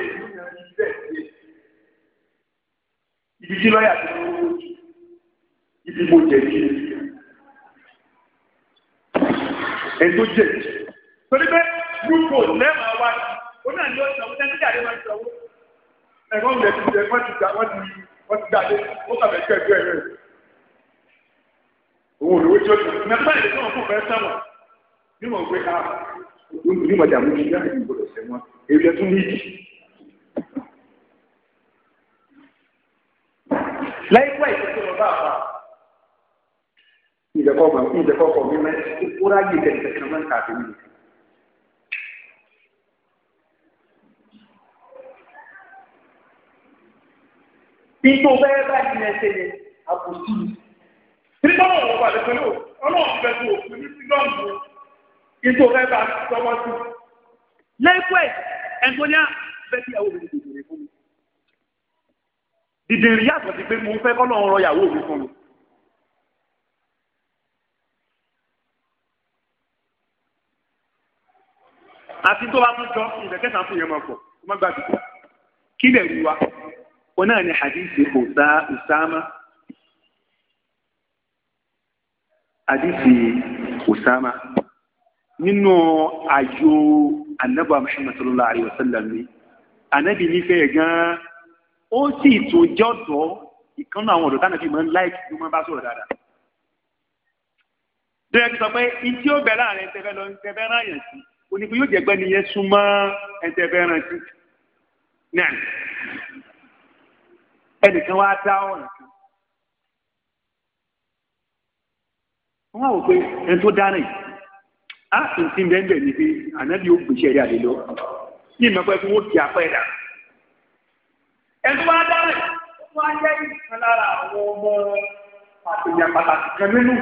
ibi tí lọ́yà tó ń wọ́n jù ibi mo jẹ̀bi ẹni tó jẹ̀bi torí pé yúkò lẹ́mọ̀ wá ó náà ní ọ̀sán ọ̀sán ní ìdàdé wọn ìṣòwò ẹ̀gbọ́n mi ti wọ́n ti gbà wọ́n ti wọ́n ti gbàdé ó kà bẹ̀ẹ́ kẹ́gbẹ́ rẹ̀ òun olówó tí ó ti mẹ́fà ìdí náà fún fẹ́ sẹ́wọ̀n nímọ̀ pé a ah, onímọ̀ ìdààmú ti dá ìgbòdò sẹ́wọ̀n èrè tún ní ìdí. láìpẹ́ ìtọ́jú ọba àbá ìjẹ́kọ̀ọ́ mi mẹ́ kúrú ayé tẹ̀sán mẹ́ta àti mi nìkan. Ìtò bẹ́ẹ̀ báyìí ní ẹsẹ̀ yẹn, àbòsí mi. Nítorí ọ̀rọ̀ wà lẹ́sẹ̀ lò, ọlọ́run fẹ́ tó òfin ní sílọ́ọ̀mù o. Ìtò bẹ́ẹ̀ bá tọwọ́ sí. Lẹ́kọ̀ẹ́ ẹ̀ńtọ́niá fẹ́ kí ìyàwó mi ní dìdìrì fún mi. Dìdìrì yàtọ̀ sí pé mo fẹ́ kọ́lọ́run rọ ìyàwó mi fún mi. Àti tó bá tún jọ ìrẹ̀kẹ́ta fún yẹn mọ̀ pọ̀, ó má gbàgbé. Kí lè rí wa? wọn náà ní hadisi ọ̀sá Usama hadisi Usama nínú àjò anábà Muhammad sallallahu alayhi wa sallam ni anábì nífẹ̀ẹ́ gan-an ó sì tún jọ́dọ̀ ìkànnì àwọn ọ̀dọ́ tánàbí máa ń láìkì ló máa bá sọ̀rọ̀ dáadáa dẹ́rẹ́ sọ pé ìdí ó bẹ̀ láàrin ẹ̀ńtẹ̀fẹ́ lọ ẹ̀ńtẹ̀fẹ́ rán yẹn sí oníkun yóò jẹ́ gbẹ́ni yẹn súnmọ́ ẹ̀ńtẹ̀fẹ́ rán sí náà ẹnìkan wá dá ọ̀nà kan wọ́n wò pé ẹni tó dáná yìí á sì ti bẹ́ẹ̀ ní pé ànábì ó gbèsè ẹ̀rí àdé lọ ní ìmọ̀pẹ́ tí wọ́n ti apẹ́ dà ẹni tó wá dáná yìí wọ́n á jẹ́ ìkan lára àwọn ọmọ àtẹ̀yà pàtàkì kan nínú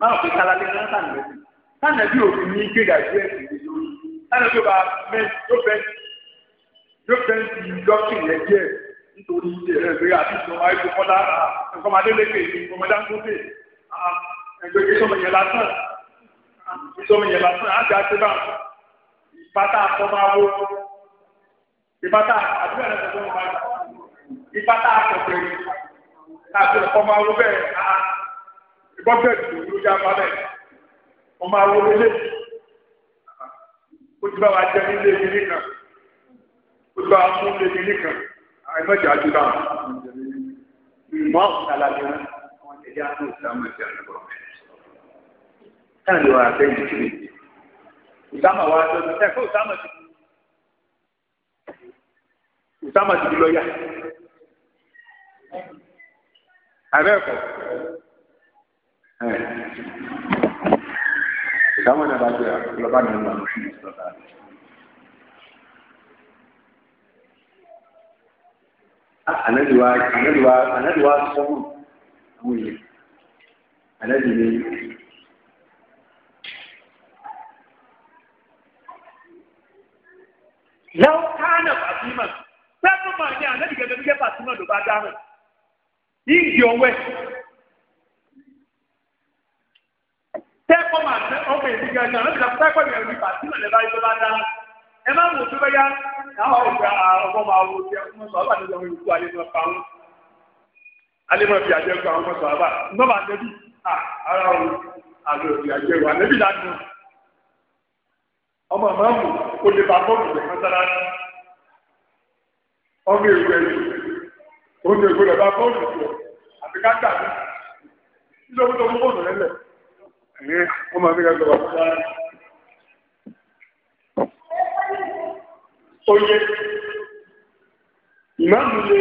máa fi kalali kan sànàbí sànàbí òfin ní kéde àjọ ẹ̀sìn lórí sànàbí ó bá mẹ́ tó fẹ́ yóò fẹ́ ti dọ́kìn yẹn díẹ̀ nítorí ìdè rẹ̀ pé àti ìṣòro àìsàn kọ́lá ọmọdéléke ni ọmọdéńtóde ẹgbẹ́ ìṣọ́mọyẹ lásán ìṣọ́mọyẹ lásán àti àtibá ìpátá àfọmáwó ìpátá àdúrà rẹ̀ tó ń bá ìpátá àfọ̀pẹ̀ àti ọmọwó bẹ́ẹ̀ ìbọ́gbẹ́ ìdòwúrú jáfa bẹ́ẹ̀ ọmọwó lélẹ̀ ó ti bá wa jẹ nílé ìdílé kan gbogbo amúlẹ̀mí nìkan àìmọ̀jà ju bá mọ́ àlàyé wọn ẹ̀yà tó ìsàmù ẹ̀jẹ̀ àdúgbò rẹ̀ táà lè wà àtẹ̀yìn kiri ìsàmù àwọn àtọ́jú ẹ̀ kó àbẹ́ẹ̀kọ́ ìsàmù náà bá jẹ́ lọ́ba nínú àwọn òṣìṣẹ́ sọ̀tà ànábì wa ànábì wa ànábì wa sọ́mọ̀ àwọn èèyàn ànábì ni. lẹ́wọ́n káànà fàtímà sẹ́nu mọ̀ ní ànábì gẹ́gẹ́ bí jẹ́ fàtímà ló bá dáhùn ìdí ọwẹ́ tẹ́kọ̀ọ́ mà ọkọ̀ èdè gẹ́gẹ́ ànábì gẹ́gẹ́ tẹ́kọ̀ọ́ ìrẹ̀lú fàtímà lè bá yẹ ló bá dáhùn ẹ má wò ó táwọn ọ̀gá ọgbọ́n máa wo ti ẹkún mọ́sọ̀ ọba nígbà wọn ìlú alẹ́ máa pa wọn alẹ́ máa fi àjẹ́ gba àwọn mọ́sọ̀ ọba nọ́ọ̀bà nẹ́bí ara o àgbẹ̀ òbí àjẹ́ wa nẹ́bí lánàá ọmọ màmú kò lè bá bọ́ọ̀lù rẹ̀ mọ́sára ọmọ èwe ẹ̀ kò lè gbọdọ̀ bá bọ́ọ̀lù rẹ̀ àti káàkà mi nítorí tó ń bọ́ọ̀lù rẹ̀ lẹ̀ ọmọ mi kà gbọdọ̀ mọ́sára. tó yẹ ìmáàmù lè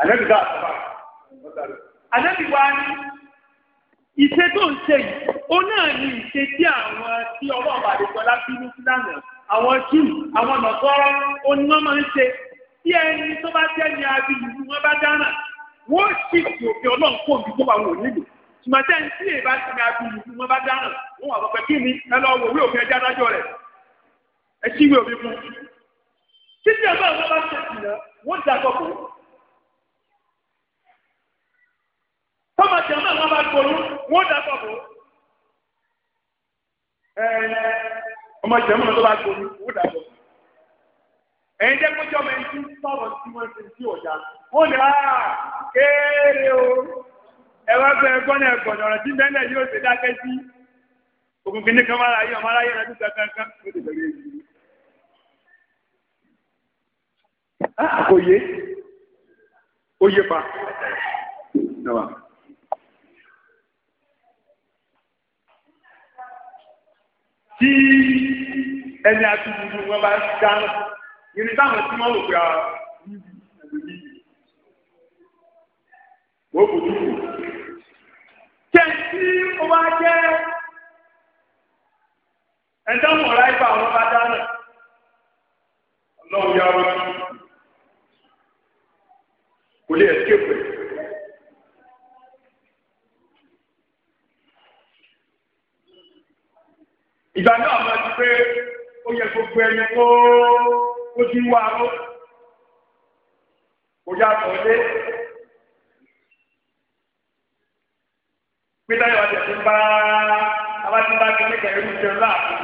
ànábì bá àtàbà ànábì wá ní ìṣe tó ń ṣe yìí ó náà ní ìṣe tí àwọn tí ọwọ́ àbàdìgbọ́lá bínú sí lánàá àwọn júù àwọn nọ̀gọ́rọ́ ó ní wọ́n máa ń ṣe tí ẹni tó bá jẹ́ ní abiyùú wọn bá dáná wọ́n ṣì fi òfin ọlọ́run kó ní tí èèbá ti wọn wà lọ́pẹ́ kí ni ẹ lọ wò wí òfin ẹja dájọ́ rẹ̀ ẹ sí ìwé òfin fún un. títí ẹgbẹ́ ọ̀gá bá ṣe ìlà wọ́n ti àtọ̀ fún un. tọ́mà tí àwọn àwọn bá gbòòrò wọ́n ti àtọ̀ fún un. ọmọ ìjẹun náà tó bá gbòòrò wọ́n ti àtọ̀ fún un. ẹ̀yin jẹ́ kójú ọmọ ẹni tí ń sọ̀rọ̀ sí wọn ti sí ọ̀dà wọ́n ní ah, kéèrè o ẹ̀rọ ẹgbẹ́ ẹgbọ́n náà ẹ̀gbọ́n ọ̀rọ̀ tí bẹ́ẹ̀ náà yóò ṣe dákẹ́ sí ogun kìíní kan máa ráyè ọmọ aráyè rẹ̀ dúkà kankan ló ti bẹ̀rẹ̀ èyí. Oyè ah, oyè pa. Tí ẹni àti dúdú wọn bá dáná, ìrìn táwọn tí wọ́n rò pé àwọn níbi wọ́n kò dúró. Kẹ̀sí ó jẹ́ ẹjọ́ mọ̀ra ibà wọn bá dáná ọlọ́run yá wọn kò lè ẹ̀sìkéèpù ẹ̀. ìgbà náà máa ti pé ó yẹ gbogbo ẹni tó ó ti wá ló kò yàtọ̀ lé pété ayọ̀ àti ẹ̀sìn bá abájúbá kẹ́kẹ́ ẹ̀rú ìṣẹ̀lá àti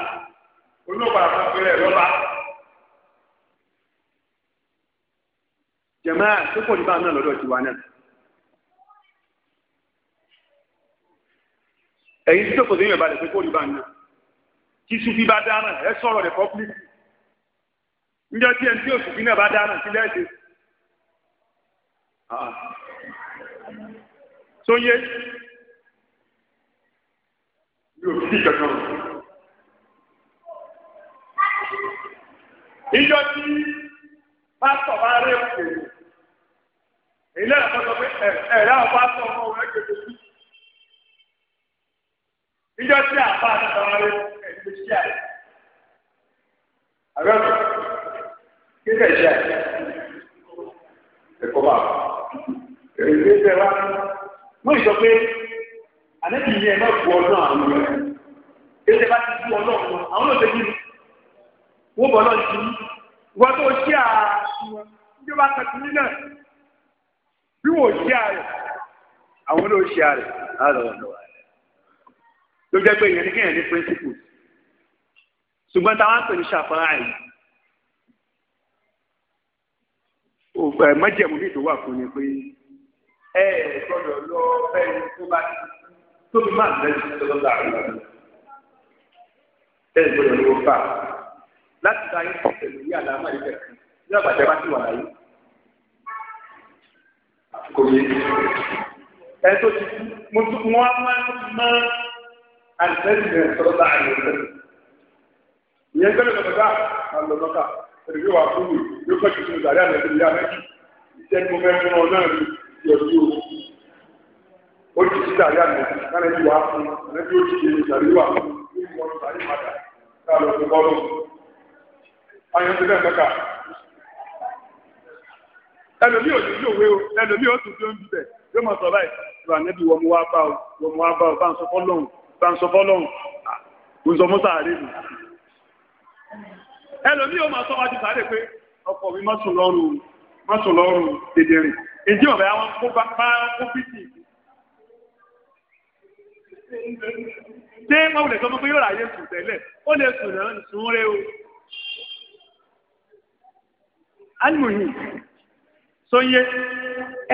olóògbé àpapẹ̀rẹ̀ lọ́ba. jẹ̀mọ́ àtúkò ní báwọn náà lọ́dọ̀ tiwa náà. ẹ̀yin tí tòkòtò yìí balẹ̀ pé kó ní báwọn náà. kí sufi bá dáná ẹ sọ̀rọ̀ rẹ̀ pọ́pílì. njẹ́ tí ẹni tí òṣùfì náà bá dáná sí lẹ́sẹ̀. Ah. sóyè mi fi kankan ìjọ tí pásítọ̀ bá rí òkè ilé ẹ̀kọ́ sọ pé ẹ̀rẹ́ àwọn pásítọ̀ ọmọ òun ẹ̀kẹ́ tó sí. ìjọ tí àbá àtàwọn ará ẹ̀kẹ́ tó sí àyè. àbẹ́ mi kíkẹ́ ìṣe àyè ẹ̀kọ́ bá èrè ìgbé tẹ wá. wọ́n sọ pé àlẹ́ kìí ẹ̀ náà bu ọdún àwọn ọmọ rẹ̀. ètò ìbá ti bu ọdún àwọn àwọn ọmọ rẹ̀ wọ́n bọ̀ lọ sí wọ́n tó ṣí ààrùn wọn níjọba kẹtìlí náà bí wọ́n ṣí ààrẹ àwọn ló ṣí ààrẹ àlọ́wọ́ lọ́wọ́ ààrẹ ló jẹ́ pé ìyẹn ní kéèyàn ní principles ṣùgbọ́n táwọn àpè ní ṣàfara yìí mọ́jẹ̀mú ní ìdówà fún ni pé ẹ ẹ gbọ́dọ̀ lọ bẹ́ẹ̀ tó bá tóbi máa ń tó lọ́dọ̀ àrùn ẹ gbọ́dọ̀ lọ́wọ́ bá láti ta yín fún pẹ̀lú ní àlámà ìfẹ́ kan ní àbàjẹ́ bá ti wà láyé. kò yé ẹ tó ti mo tún wọn máa ń mọ àlùfẹ́sì rẹ̀ sọ̀rọ̀ bá àyè rẹ̀. ìyẹn gbọ́dọ̀ lọ́kọ̀ bá àlọ́lọ́kà ẹ̀rọ wà fún mi yóò kọ́ tuntun ìgbàlẹ́ àmì ẹ̀sìn ìyá méjì iṣẹ́ ni mo fẹ́ fún ọ náà ní ìyọ̀dú o. ti ti dàrí àmì ẹ̀sìn wà fún ẹ̀jú ó ti di ìdàrí wà fún ìwọ̀n ìdàrí padà ká lọ sí bọ́ọ̀lù àyàn ti bẹ́ẹ̀ mẹ́ka ẹlòmí ò ní yòwé o ẹlòmí ò tún tó ń bíbẹ̀ yóò máa sọ báyìí ìwà nẹ́bí wọ́n mú wá bá o wọ́n mú wá bá o bá ń sọ fọ́lọ́hùn bá ń sọ fọ́lọ́hùn kò sọ mọ́ sàárè nù. ẹlòmí ò máa sọ wájú sàárè pé ọkọ mi má sùn lọ́rùn má sùn lọ́rùn dèdè rìn èdè ọ̀bẹ àwọn kó bá kó ṣé wọn lè sọ fún pé yóò ráyè sùn tẹ́lẹ̀ ó lè sùn náà sùn rẹ o alimuhi sóye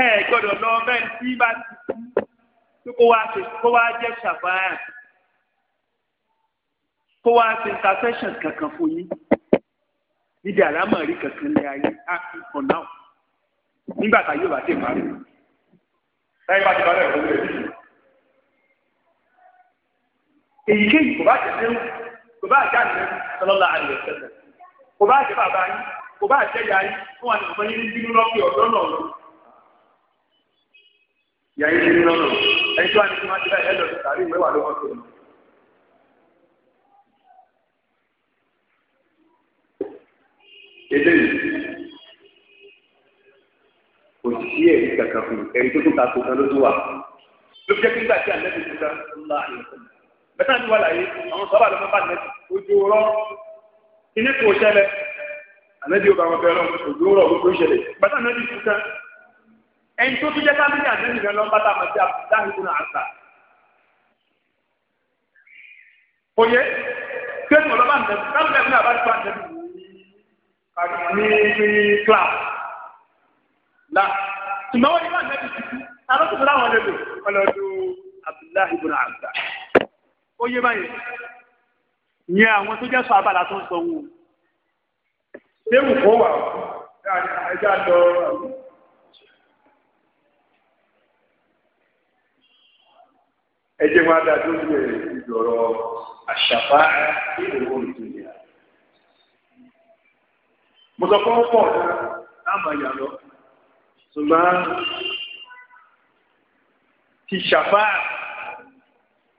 ẹ gbọ́dọ̀ lọ bẹ́ẹ̀ tí bá ti kú kó wá ṣe kó wá jẹ ṣàfáà kó wá ṣe intercession kankan fún yín níbi àlámọ̀rí kankan lé ayé ápì for now nígbà tá yóò bá ti parí lẹ́yìn bá ti parí ẹ̀rọ lórí ẹ̀sìn. èyíkéyìí kò bá jẹ́ sẹ́wọ̀n kò bá jẹ́ àná sọlọ́lá àlẹ́ sẹ́sẹ̀ kò bá jẹ́ bàbá yín kò bá jẹ́ ìyá yìí fún àwọn ọmọ yìí bínú lọ́pẹ́ ọ̀dọ́ náà lọ. ìyá yìí bínú lọ́nà ẹni tó wà ní kí wọ́n ti bá ẹlọ́dún tàbí ìwé wà lọ́wọ́ tó lọ. eléyìí kò sí ẹ̀rí kankan fún ẹ̀rí tó tún ta kó kan ló tún wà. ló jẹ́ kí nígbà tí àlejò ti ká ńlá àyẹ̀kọ́ mẹ́ta ni wà láyé àwọn sọ́ba ló máa bá àlejò ojú rọ́ ilé kò ṣẹlẹ̀ ànábì ọba wọn fẹ́ràn òjò rọ̀ gbogbo ìṣẹ̀lẹ̀ bàtà ànábì kú tán ẹni tó tún jẹ́ sábìlì ànábì rẹ̀ lọ́n bàtà àmàtí àbúdáhì kúnà àṣà. oyè kéwòn ọlọ́ba ànábì sábìlì àbúdáhì àbájú bá ànábì ní class la tùmọ̀ wọ́n ní bá ànábì ti kú alókùnrin láwọn ọ̀dọ́ ọlọ́dún àbúdáhì kúnà àṣà oyè báyìí ìyẹn àwọn tó jẹ́ sọ abala tó ń sọ wọn o. tébù kó wà ẹja lọ. ẹ jẹ́ ẹ̀ ìdọ̀rọ̀ àṣàfà ìdòwò ìdòyà. mo sọ fún ọ̀pọ̀ láàmú àyà ṣùgbọ́n ti ṣàfà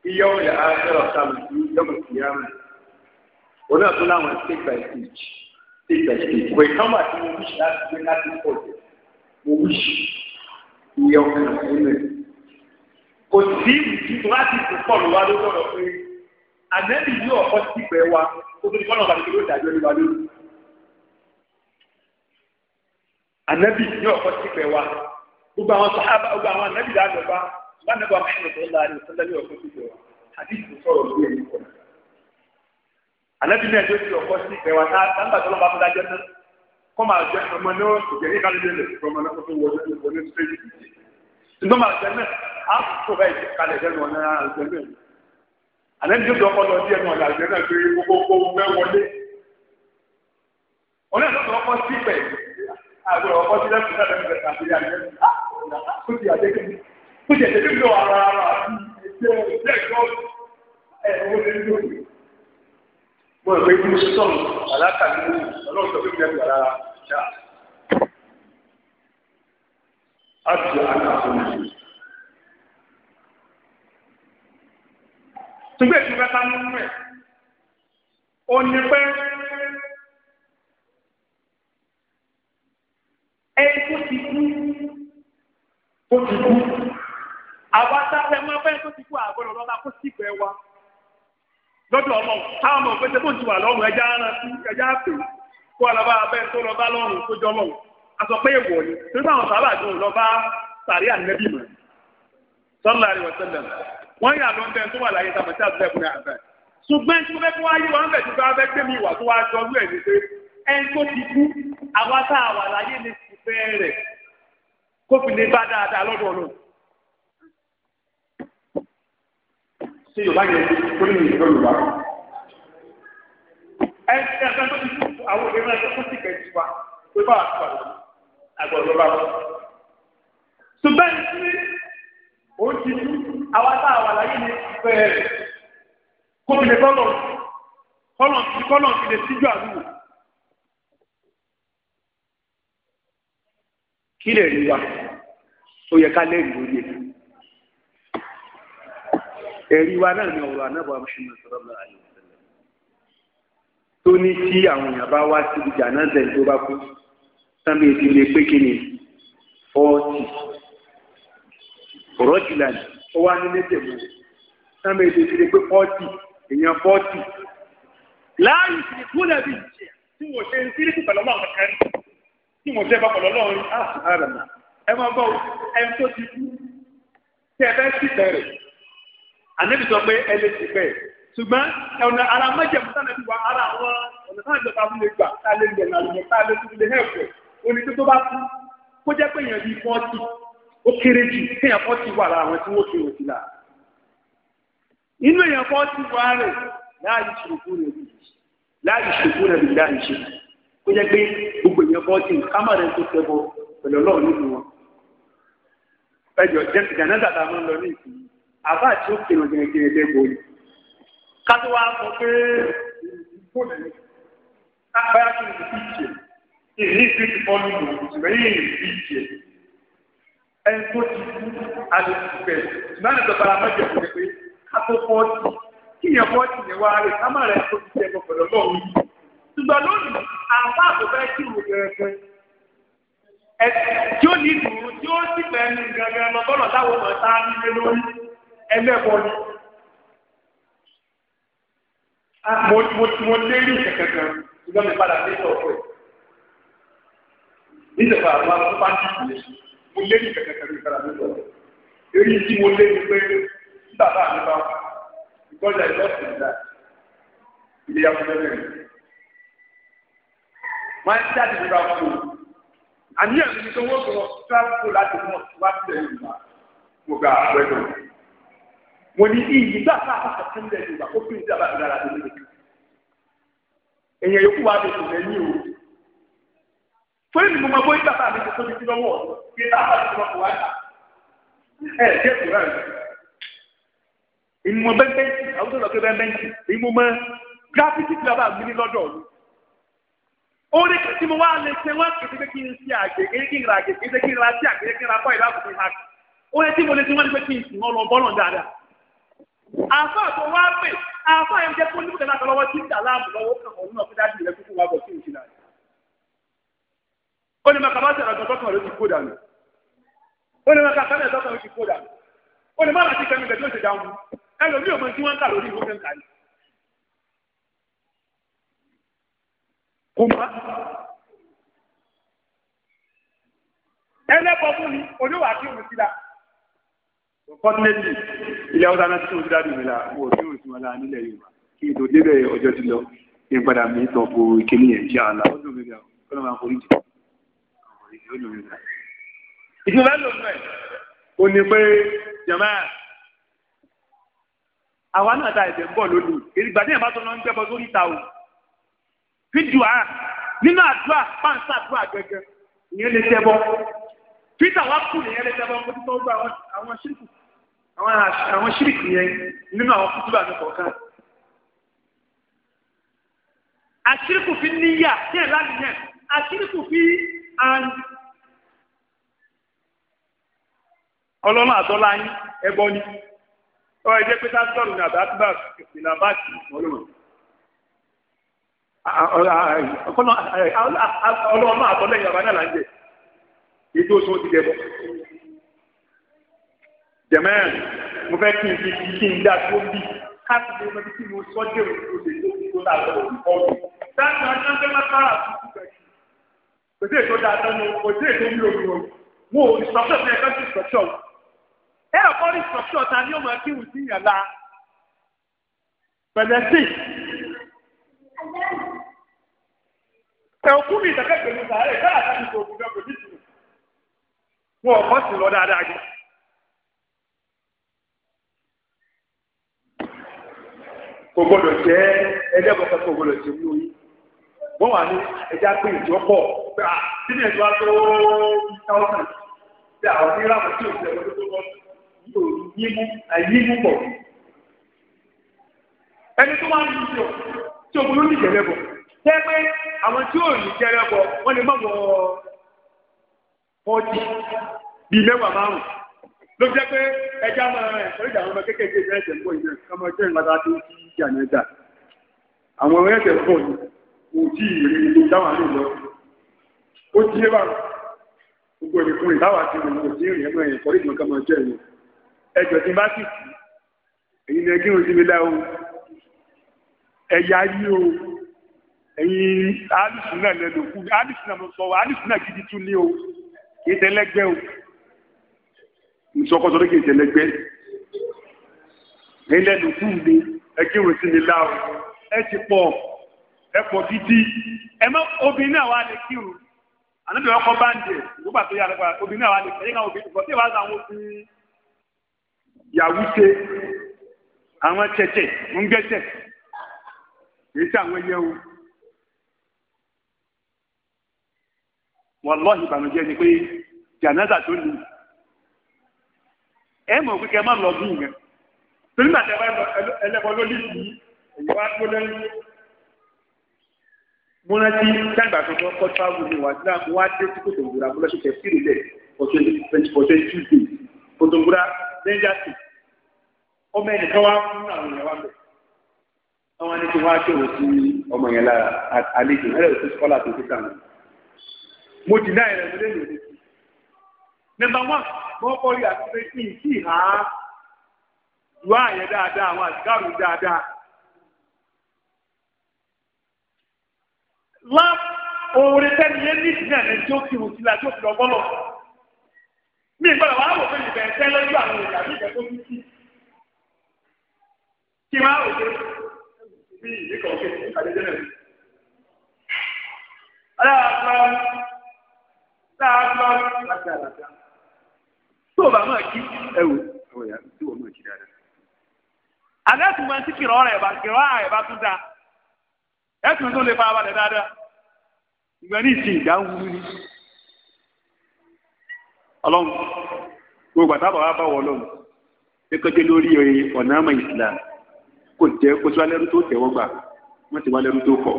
iye ọ̀yà ẹ̀rọ sábà yọ̀mọ̀ kìíyàmù. òun state by state kò ìkan wà tí mo wíṣì láti gbé láti pọ̀ jù mo wíṣì iye ọkàn nínú ẹ̀ kò sí ìdí láti tó pọ̀lù wa ló sọ̀rọ̀ pé ànẹ́bí yóò ọkọ̀ sí ìpẹ́ wa kó tó ní kọ́nà bàbá yóò dájọ́ ní wa lónìí. ànẹ́bí yóò ọkọ̀ sí ìpẹ́ wa gbogbo àwọn sàhábà gbogbo àwọn ànẹ́bí dáadọ́ bá bá nẹ́bà mẹ́rin tó ń la àdìsọ́lá yóò ọkọ̀ sí ìpẹ́ wa àdìsọ́ sọ̀rọ̀ lórí ẹ̀yìn kọ̀ọ̀kan anabi náà yóò fi ọkọ sí ìpẹwà tá nígbà tó lọ́ba fún dájọ́ náà kọ́ máa jẹ ọmọ náà òjèlé kálíbẹ̀ lè fún ọmọ náà kó tó wọ ọdún ìwọ ní stéèjì ìdíje ṣùgbọ́n máa jẹ náà á kò tó bá ìdí kalẹ̀ jẹ́ nù ọ̀nà àjẹ náà anabi yóò fi ọkọ lọ sí ẹnu ọ̀nà àjẹ náà pé gbogbo mẹ́ wọlé ọ̀nà ìtọ́jú ọkọ sí ìpẹ̀ àgbẹ̀ ọkọ sí lẹ́kùn náà lẹ́kùn náà kàbí àjẹ wọn ìwé ní sọm alákàtúntò ọlọ́run tó fi jẹ́ gbàrà ṣá. a ti àkàtúntò nìyí. tùgbẹ́ tí wọ́n bá mú mẹ́ ó ní pẹ́ ẹ tó ti kú tó ti kú àwọn tá a fẹ́ máa fẹ́ tó ti kú àgbọ̀dọ̀ lọ́la kó sì bẹ́ẹ̀ wá lọ́dọ̀ ọmọ táwọn ọmọ pẹ́sẹ́ bó ti wà lọ́rùn ẹja ara sí ẹja pè kó alaba abẹ́ tó lọ bá lọ́rùn tó jọ lọ́rùn aṣọ pé èèwọ̀ ni tó bá àwọn sábà jọ lọ bá sàrí ànẹ́bí mọ̀ sọ́nà àrí wọ̀sẹ̀lẹ̀ wọ́n yà ló ń bẹ́ẹ̀ tó wà láyé tàbí tí àbúrò ẹ̀kúnrẹ́ àbẹ́ ṣùgbọ́n tí wọ́n fẹ́ kó wáyé wọn bẹ̀ tó bá fẹ́ gbé mi ìwà tó wá jọ lú ẹ̀ ní pé ẹni tó ti kú àwa tá a wà láyé ní ìfẹ́ rẹ̀ kó fi lè bá dáadáa lọ́dọ̀ ọlọ́run ṣé yorùbá yẹn tó ní ìlú yorùbá. ẹ ẹ ẹ tó ti tú àwọn obìnrin náà tó ti kẹ́ ti wa pé bá a tó àgbọ̀dọ̀ bá wọn. ṣùgbọ́n ìṣúlẹ̀ ó ti tú àwa tá a wà láyé ní ìfẹ́ rẹ̀ kóbìnrin kọ́lọ̀ kọ́lọ̀ ti kọ́lọ̀ ti lè síjú àdúgbò. kí lè rí wa ó yẹ ká lè rí lóye ẹ̀rí wa náà ni ọ̀rọ̀ anábọ̀ amúṣúná sọ̀rọ̀ náà ayé ìṣẹ̀lẹ̀ tó ní tí àwọn èèyàn bá wá síbi jánásà tó bá kú sábẹ́ ìdílé pé kí ni fọ́ọ̀tì rọ́jìlá ni ó wá ní méjèèmú sábẹ́ ìdílé pé fọ́ọ̀tì èèyàn fọ́ọ̀tì láàyè ìdílé kúlẹ̀ bí tí wọ́n ṣe ń sílẹ̀ pẹ̀lú ọmọ kankan tí wọ́n ṣe bá pẹ̀lú ọlọ́run á ah, máa bọ̀ ẹ tó ti kú tí ẹ sì bẹ̀rẹ̀ ànábì sọ pé ẹ lè ti bẹ́ẹ̀ ṣùgbọ́n ọ̀nà ara májèmú sáà ti wà ara àwọn ọ̀nà sáà ìjọba fún lè gbà tá a lè lè lálùmọ̀ tá a lè tún lè hẹ́ẹ̀kọ̀ oní tó tó bá kú kó jẹ́ pé èèyàn bíi fọ́ọ̀tì ó kéré jù kéèyàn fọ́ọ̀tì wà lára àwọn tí wọ́n ṣe òsì là inú èèyàn fọ́ọ̀tì wà rẹ̀ láàyè ṣòkú rẹ̀ láàyè ṣòkú rẹ̀ láàyè ṣe kó jẹ́ pé gbogbo èèyàn àbá tí ó kìnnà jìnnìjìnnì lẹ́gbọ̀ọ́ yìí. kátó wa sọ pé ìgbóni abáyá kí ni ìdíje ìní ìdíje bọ́ọ̀lù mọ̀ ìtìmẹ́yìn ìdíje ẹni tó ti kú alẹ́ ti bẹ̀ ṣùgbọ́n àti ọ̀bára mẹ́jọ kò pé kátó fọ́ọ̀tì kíyàn fọ́ọ̀tì ni wàá rè kámá rẹ̀ tó ti jẹ́ gbọ̀gbọ̀dọ̀ lọ́wọ́ yìí. ṣùgbọ́n lónìí àwọn àbúfẹ́ kí wò gẹ́gẹ́ tí ó ní ìdùnnú tí ó sì fẹ́ ní gẹ́gẹ́ lọ bọ́lọ̀ táwọn ọmọ ta nílé lórí ẹlẹ́bọ ni mo mo lérí kankan ṣùgbọ́n mi padà dé sọ̀rọ̀ ẹ̀ nígbà tó àwọn tó bá ń dìbò yẹn mo lérí kankan mi padà dé sọ̀rọ̀ ẹ̀ èyí tí mo lérí pé bàbá mi bá wà ìlọ́sìn ìdá ilé yàgò mẹ́rin máa ń jáde nígbà fún un àníyàn mi ni pé wọ́n sọ̀rọ̀ tíráfù láti mọ̀ wá sílẹ̀ yìí wọ́n gba àpẹẹrẹ wani iyi ba ka haka tun da ba ko fin da ba da ra da ne en ye ku ba de ko ne ni o fo ni mo boy ta ta ni ko ti no wo ki ta ba ti ko wa ta eh je ku ra in mo ben ben a wo lo ke ben ben in mo ma graffiti mi ni lọ́dọ̀ ni o de ti mo wa le se wa ke te ki n si age ke ki ra ke ke ki ra ti age ke ra ko ira ko ni ha o de ti mo le ti wa ni pe ki n si mo lo bolon dáadáa àfa àtọ wá pè àfa yẹn jẹ kó nígbà náà lọ́wọ́ tí sàlámù lọ́wọ́ kàn ọ̀hún náà fúdà jùlọ kúkú wà bọ̀ sí ìṣìlá rẹ̀. ó ní màkà bá sẹ̀rọ̀ tọ́tọ́ kan ló ti kó dànù ó ní màkà sẹ́rẹ̀ tọ́tọ́ ló ti kó dànù ó ní màkà ti fẹ́mi bẹ̀ tí ó ti dànù ẹlòmíì òmò tí wọ́n ń kà lórí ìwé kẹ́ńkà ni. kùmà ẹlẹ́bọ̀ fún mi oníwà kí òun ti la kọ́tínẹ́tì ilé haúsá náà tí mo ti dádùn mi la tí mo ti wọn la nílẹ̀ yorùbá kí ètò débẹ̀ ọjọ́ ti lọ kí n padà mi tọ̀ bo ìkíní yẹn jẹ́ àlà ó dùn mí ga ó lọ́ máa forí jù ó dùn mí ìtura ló ń bẹ̀ ó ní pé jama àwa náà ta ẹ̀sẹ̀ ń bọ̀ lónìí ìgbà tí yẹn bá tó lọ ń gbẹ́bọ sórí ìta o fídíò à nínú àdúrà pàǹsá àdúrà gẹ́gẹ́ ìyẹn lè tẹ́ bọ́ peter wá kú ìyẹn lè tẹ́ bọ́ mo ti tọ́ gbọ́ àwọn ṣírkù àwọn àwọn ṣíríkì yẹn nínú àwọn kútúbà mi kọ̀ọ̀kan. àṣíríkù fi níyà ní ẹ̀ láti yẹn àṣíríkù fi àn. ọlọ́run àtọ́lá yín ẹbọ ni ọ ẹ jẹ́ pé sásọ̀rọ̀ ní àbátúbà ìpìlẹ̀ àbáàtì ọlọ́run. ọlọ́run àtọ́lẹ́yìn bàbá náà là ń jẹ ètò oṣù ti jẹ bọ́ jẹ̀mẹ́ mo fẹ́ kí n fi kí n dá tó bì káàkiri mo ti kí mo sọ́jọ́ òṣèlú tó ti tó láàbọ̀ olùkọ́ mi. dáàbò ọjọ́ fẹ́ má kára tuntun bẹ̀ kí. kò sí èso dáadáa ní kò sí èso mi ò mi ò mo ò ìsọ̀tọ̀ fún ẹgbẹ́ sí ìsọ̀tọ̀. ẹ ọ̀kọ́ ní ìsọ̀tọ̀ ta ni ó máa kírun sí ìyàn la. pẹ̀lẹ́ sí. ẹ̀kú mi ìtàkẹ́ pẹ̀lú sàárẹ̀ káàkiri kò sí kò gbọdọ̀ jẹ́ ẹlẹ́bọ̀ kan kò gbọdọ̀ jẹ́ wúlò yìí wọ́n wà ní ẹja pé ìjọ pọ̀ sínú ah, ẹ̀jọ́ tó táwọn tí àwọn ní ìlànà tí òṣèlú ẹ̀rọ tó lọ yóò yímú àyímú pọ̀ ẹni tó máa ń yí tí o burú ní ìjẹ́lẹ́bọ̀ jẹ́ pé àwọn tí ò ní jẹ́lẹ́bọ̀ wọ́n lè má wọ ọ́ bíi mẹ́wàá márùn ló jẹ́ pé ẹja máa rẹ̀ sọ́rí ìjà àwọn ọmọ kéékèèké ìjà ẹ̀jẹ̀ ń bọ̀ ìjà ọmọ ẹjọ́ ìgbàdá tó kí ìjà ní ẹja àwọn ẹ̀jẹ̀ pọ̀ ní kò tí ì rí ibi táwọn àlè lọ ó ti yé bá gbogbo ìrìnkùnrin táwọn àti ìrìn kò tí ì rìn ẹ̀mọ ẹ̀yìn sọ́rí ìgbọ̀n kọ́mọ ẹjọ́ ẹ̀yìn ẹjọ́ ti bá sì kì ẹ̀yin ni ẹgbẹ́ òsì mi ẹ̀yà yí o ẹ̀yin alùsùn náà lẹ́nu kú alùsùn náà mo sọ alùsùn náà gidi tún ní o kì í tẹ́lẹ́gbẹ́ o. nsọkọsọ lókè ìtẹlẹgbẹ ee fún mi sí ẹ ti pọ̀ ẹ títí obìnrin náà wà lè kírun ànábìyàn ọkọ báńdì ìgbógbà tó yà lọ́pàá obìnrin náà wà lè kẹyìn káwọn obìnrin bọtí ìwádìí àwọn obìnrin yàwù àwọn tẹtẹ ń gbẹtẹ èyí tí àwọn ẹyẹ wo. wàlọ́ọ̀hì ìbànújẹ́ ni pé jàǹdà tó lù ú. ẹ mọ̀ pé kẹ́ ẹ má lọ bí yẹn torí bàtà bá lọ ẹlẹ́bọ ló lìsì yìí èyí wá tó lẹ́nu. mo rántí sábà tó kọ́ táwọn ní wàá sílá mo wá dé tí kò tó gbúra mo lọ sí kẹ́ fírì lẹ̀ ọ̀sẹ̀ ọ̀sẹ̀ tuesday kò tó gbúra danger six ọmọ ẹnìkan wá fún àwọn ìyàwó abẹ àwọn ẹni tí wọ́n á ṣòro sí ọmọ yẹn lára àlejò ẹ̀rẹ́ òṣèlú kọ́lá tó ti sàmù mo dì náà ẹ̀rẹ́ mo lé lòdì. number one. mọ́kọ́lì àti méjì kì ha ju àyẹ̀ dáadáa àwọn àtìkárù dáadáa. lá oore tẹ́ni ní ìdílé àná tí ó láti mi gbọ́dọ̀ wá wò pé ìbẹ̀ àwọn ìbẹ̀ tó sí. kí n máa wò pé bí ìdíkọ̀ òkè ìkàdéjẹ́ náà aláàbọ̀ sáà bọ̀ tó o bá máa kí ẹ wò àwọn ìyá tí wọ́n máa kí dáadáa. àdéhùn máa ń tí kìrọ̀ rẹ̀ bá kìrọ̀ rẹ̀ bá tún dáa ẹ̀sùn tó lè fa abalẹ̀ dáadáa ìgbà ní ìsìn ìdáhùn ní. ọlọ́run gbogbo àtàbà wa bá wọ ọlọ́run kékeré lórí ọ̀nà àmà ìsìlám kò jẹ́ kó tí wàá lẹ́rú tó tẹ̀wọ́ gbà wọ́n ti wá lẹ́rú tó kọ̀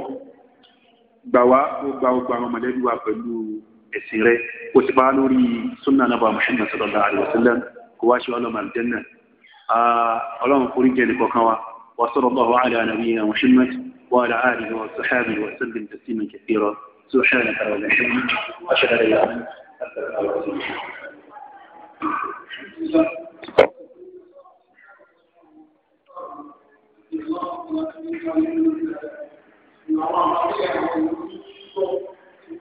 gbà wá gbogbo àwọn mọ̀lẹ́bí wa pẹ̀lú السيره وتبالوري سنه نبا محمد صلى الله عليه وسلم كواشي علماء الجنه آه، علماء قرين جاني بوكاوا وصلى الله على نبينا محمد وعلى اله وصحبه وسلم تسليما كثيرا سبحانك وبحمدك اشهد ان لا اله الا انت Thank you. mélòó ni gbogbo ìbéèrè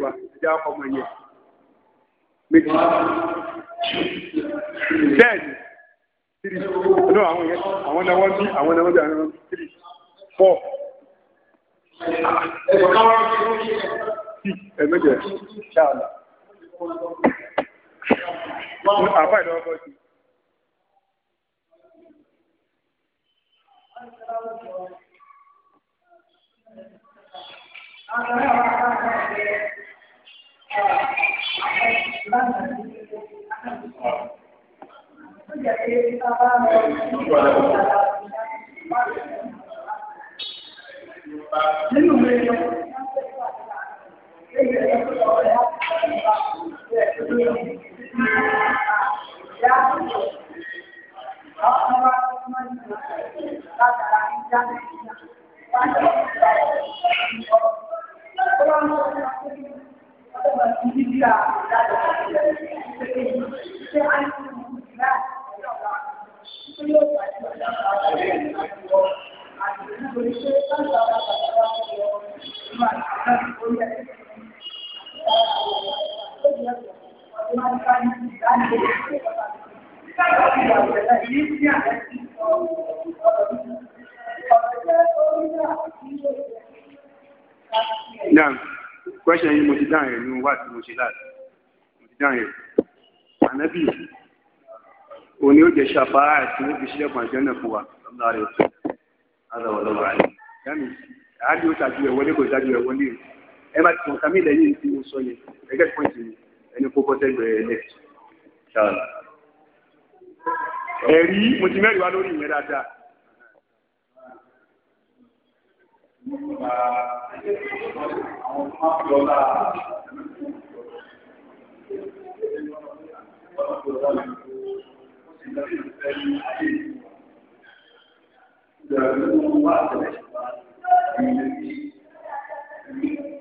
wa ẹjẹ akọ ọmọ yẹn méjì bẹ́ẹ̀ni tiri no àwọn yẹn àwọn náà wọn bí àwọn náà wọn bí àwọn náà sí ẹ̀mẹ́jọ ṣáàlà. àfa ìlú ọkọ Nínú mi ni 对，就是这个。啊，加油！好，同学们，你们加油！加油！加油！完成！我刚刚那个视频，我这个 PPT 啊，大家有没有？这安全知识，你们？哎呀，这又来了，这又来了，哎，你们这些三三三三三，你们，你们，你们。Now, question yìí mo ti dáhùn ẹ̀ nínú wá tí mo ṣe láti. Mo ti dáhùn ẹ̀. Ànábì òní ó jẹ ṣàfà àti ó fi ṣílẹ̀kùn àjẹ́nà fún wa lọ́dọ̀ rẹ̀. Àdàwọ̀ lọ́wọ́ àlè. Yáni, àádìí ó ṣàjú ẹ̀ wọlé kò ṣàjú ẹ̀ wọlé ẹ má ti sọ nǹkan mílẹ̀ yìí tí mo sọ yẹn ẹgẹ́ pọ́ìntì mi ẹni kó bọ́ sẹ́gbẹ̀ẹ́ lẹ̀ ẹ̀rí mo ti mẹ́rin wá lórí ìyẹn dáadáa. Thank you.